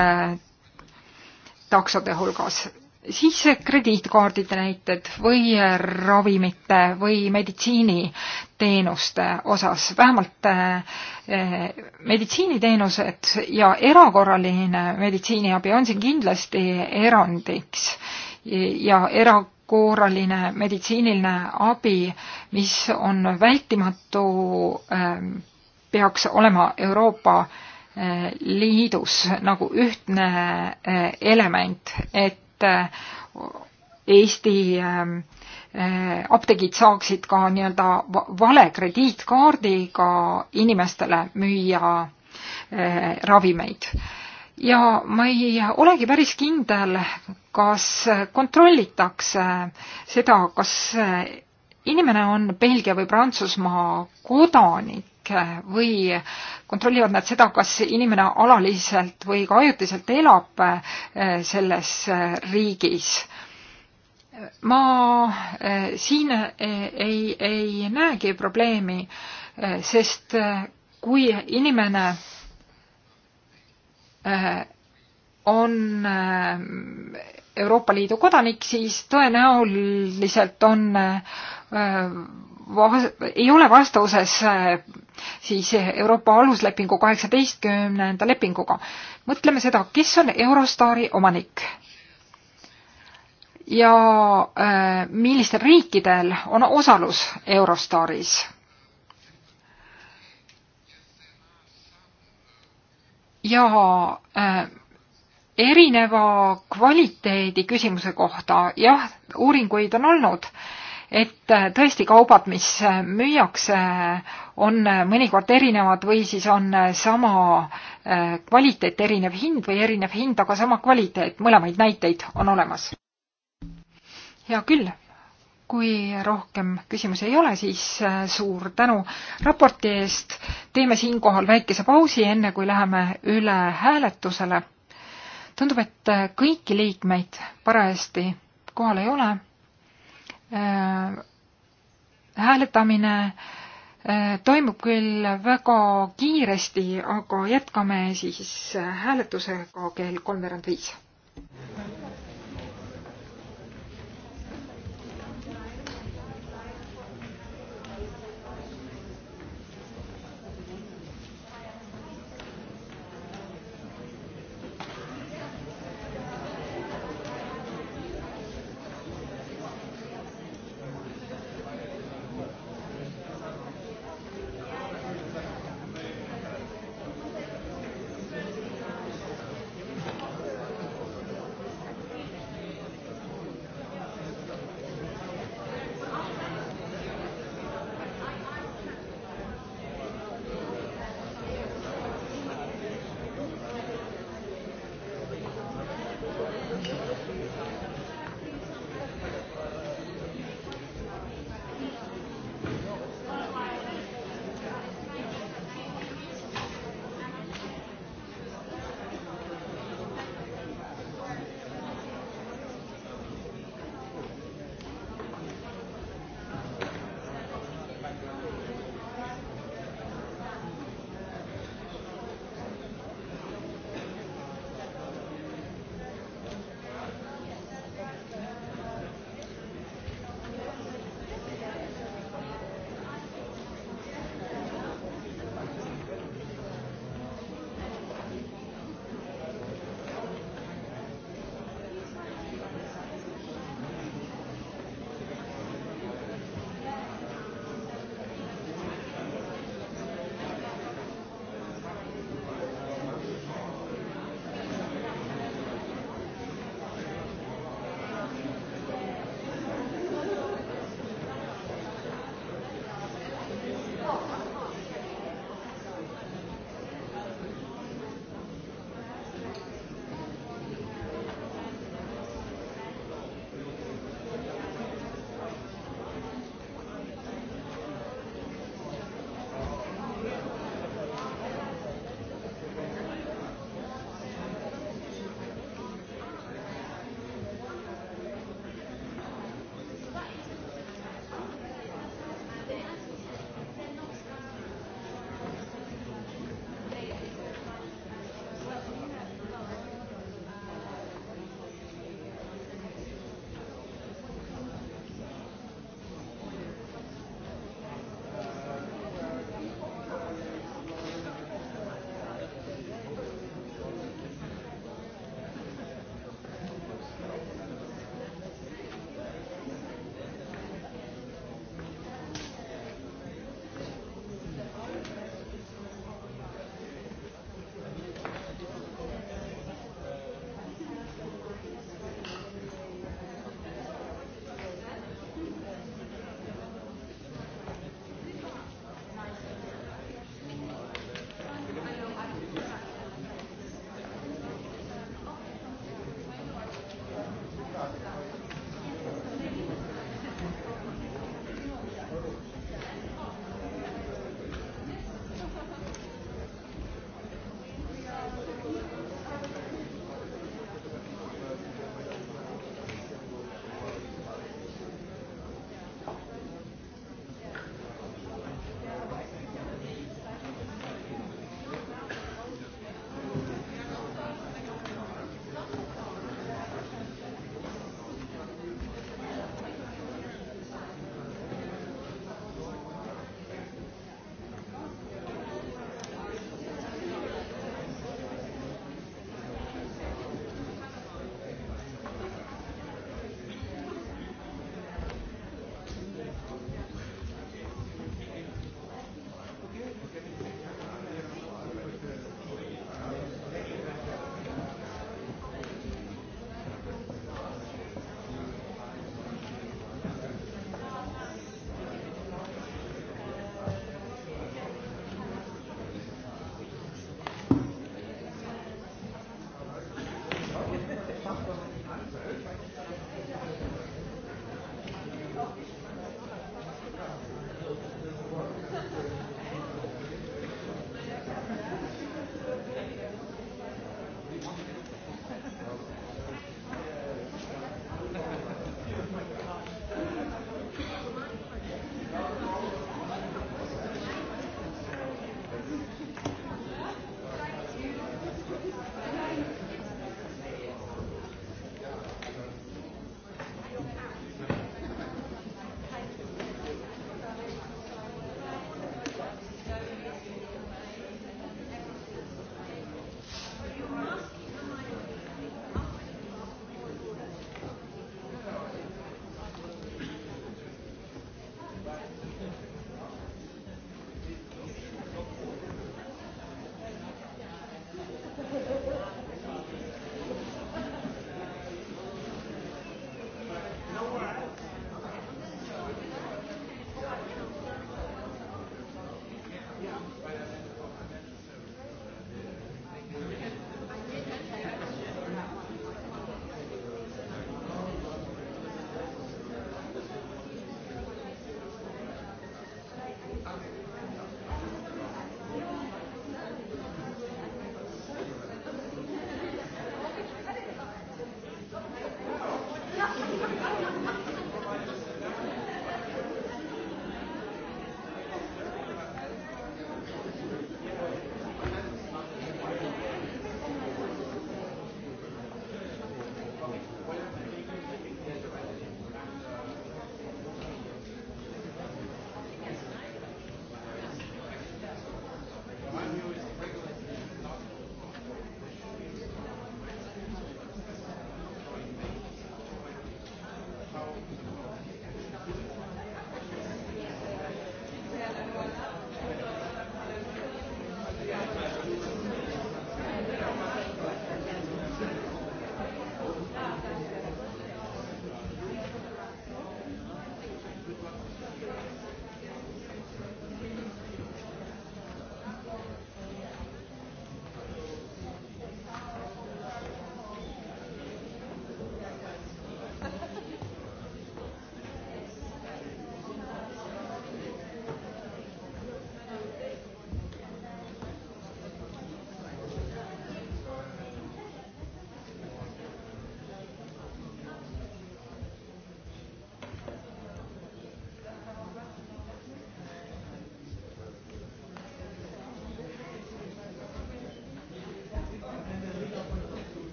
taksode hulgas, siis krediitkaardide näited või ravimite või meditsiiniteenuste osas, vähemalt eh, meditsiiniteenused ja erakorraline meditsiiniabi on siin kindlasti erandiks ja erakorraline meditsiiniline abi, mis on vältimatu, eh, peaks olema Euroopa eh, liidus nagu ühtne element, et et äh, Eesti ähm, äh, apteegid saaksid ka nii-öelda vale krediitkaardiga inimestele müüa äh, ravimeid. ja ma ei olegi päris kindel, kas kontrollitakse seda, kas inimene on Belgia või Prantsusmaa kodanik, või kontrollivad nad seda, kas inimene alaliselt või ka ajutiselt elab eh, selles eh, riigis. ma eh, siin ei, ei näegi probleemi, sest kui inimene on Euroopa Liidu kodanik, siis tõenäoliselt on Äh, ei ole vastavuses äh, siis Euroopa aluslepingu kaheksateistkümnenda lepinguga. mõtleme seda, kes on Eurostari omanik ja äh, millistel riikidel on osalus Eurostaris. ja erineva kvaliteedi küsimuse kohta, jah, uuringuid on olnud et äh, tõesti kaubad, mis äh, müüakse, on äh, mõnikord erinevad või siis on sama kvaliteet, erinev hind või erinev hind, aga sama kvaliteet, mõlemaid näiteid on olemas. hea küll, kui rohkem küsimusi ei ole, siis suur tänu raporti eest. teeme siinkohal väikese pausi, enne kui läheme üle hääletusele. tundub, et kõiki liikmeid parajasti kohal ei ole Äh, hääletamine äh, toimub küll väga kiiresti, aga jätkame siis hääletusega kell kolmveerand viis.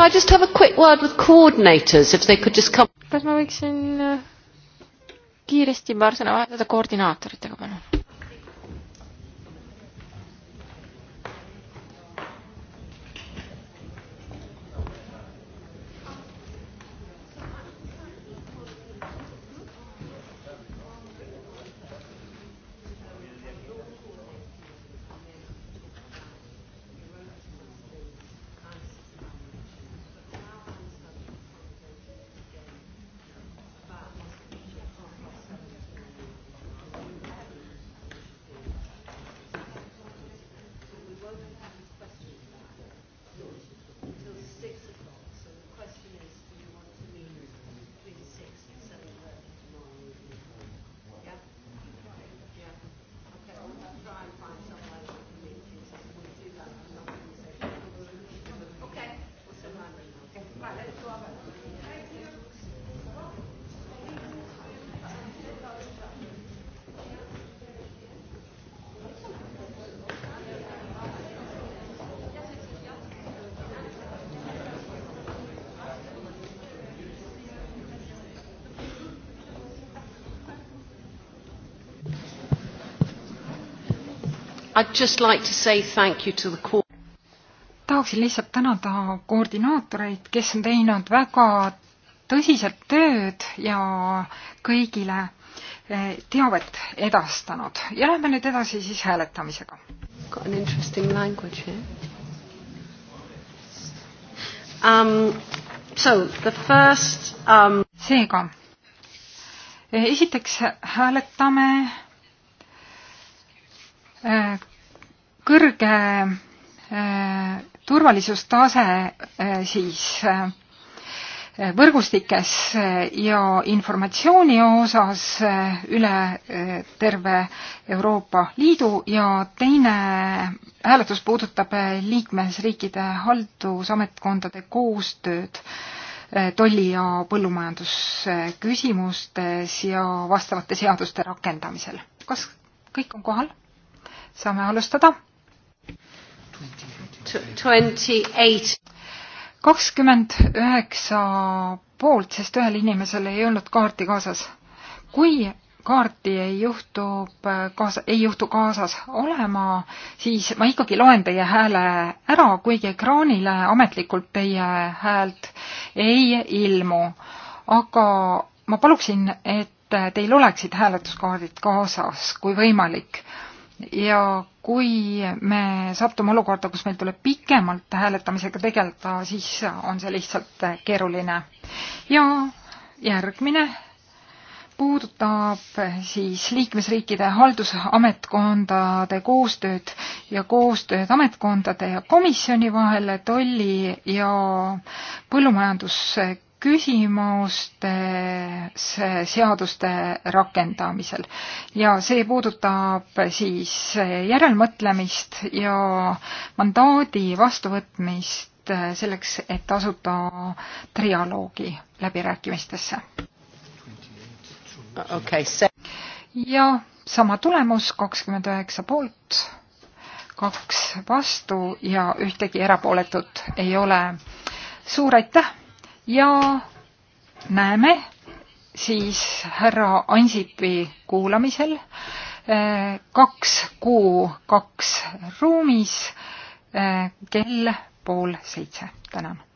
could I just have a quick word with coordinators if they could just come? kas ma võiksin äh, kiiresti paar sõna vahetada koordinaatoritega? I'd just like to say thank you to the court tahaksin lihtsalt tänada koordinaatoreid, kes on teinud väga tõsiselt tööd ja kõigile eh, teavet edastanud ja lähme nüüd edasi siis hääletamisega. Got an interesting language here. Um, so the first um... seega, eh, esiteks hääletame eh, kõrge äh, turvalisustase äh, siis äh, võrgustikes ja informatsiooni osas üle terve Euroopa Liidu ja teine hääletus puudutab liikmesriikide haldusametkondade koostööd tolli- ja põllumajandusküsimustes ja vastavate seaduste rakendamisel. kas kõik on kohal? saame alustada kakskümmend üheksa poolt, sest ühel inimesel ei olnud kaarti kaasas. kui kaarti ei juhtub äh, kaasa, ei juhtu kaasas olema, siis ma ikkagi loen teie hääle ära, kuigi ekraanile ametlikult teie häält ei ilmu. aga ma paluksin, et teil oleksid hääletuskaardid kaasas, kui võimalik ja kui me sattume olukorda, kus meil tuleb pikemalt hääletamisega tegeleda, siis on see lihtsalt keeruline. ja järgmine puudutab siis liikmesriikide haldusametkondade koostööd ja koostööd ametkondade ja komisjoni vahel tolli ja põllumajandus küsimustes seaduste rakendamisel ja see puudutab siis järelmõtlemist ja mandaadi vastuvõtmist eh, selleks, et asuda trialoogi läbirääkimistesse. Okay, see... ja sama tulemus, kakskümmend üheksa poolt, kaks vastu ja ühtegi erapooletut ei ole. suur aitäh ja näeme siis härra Ansipi kuulamisel eh, kaks kuu kaks ruumis eh, kell pool seitse. tänan.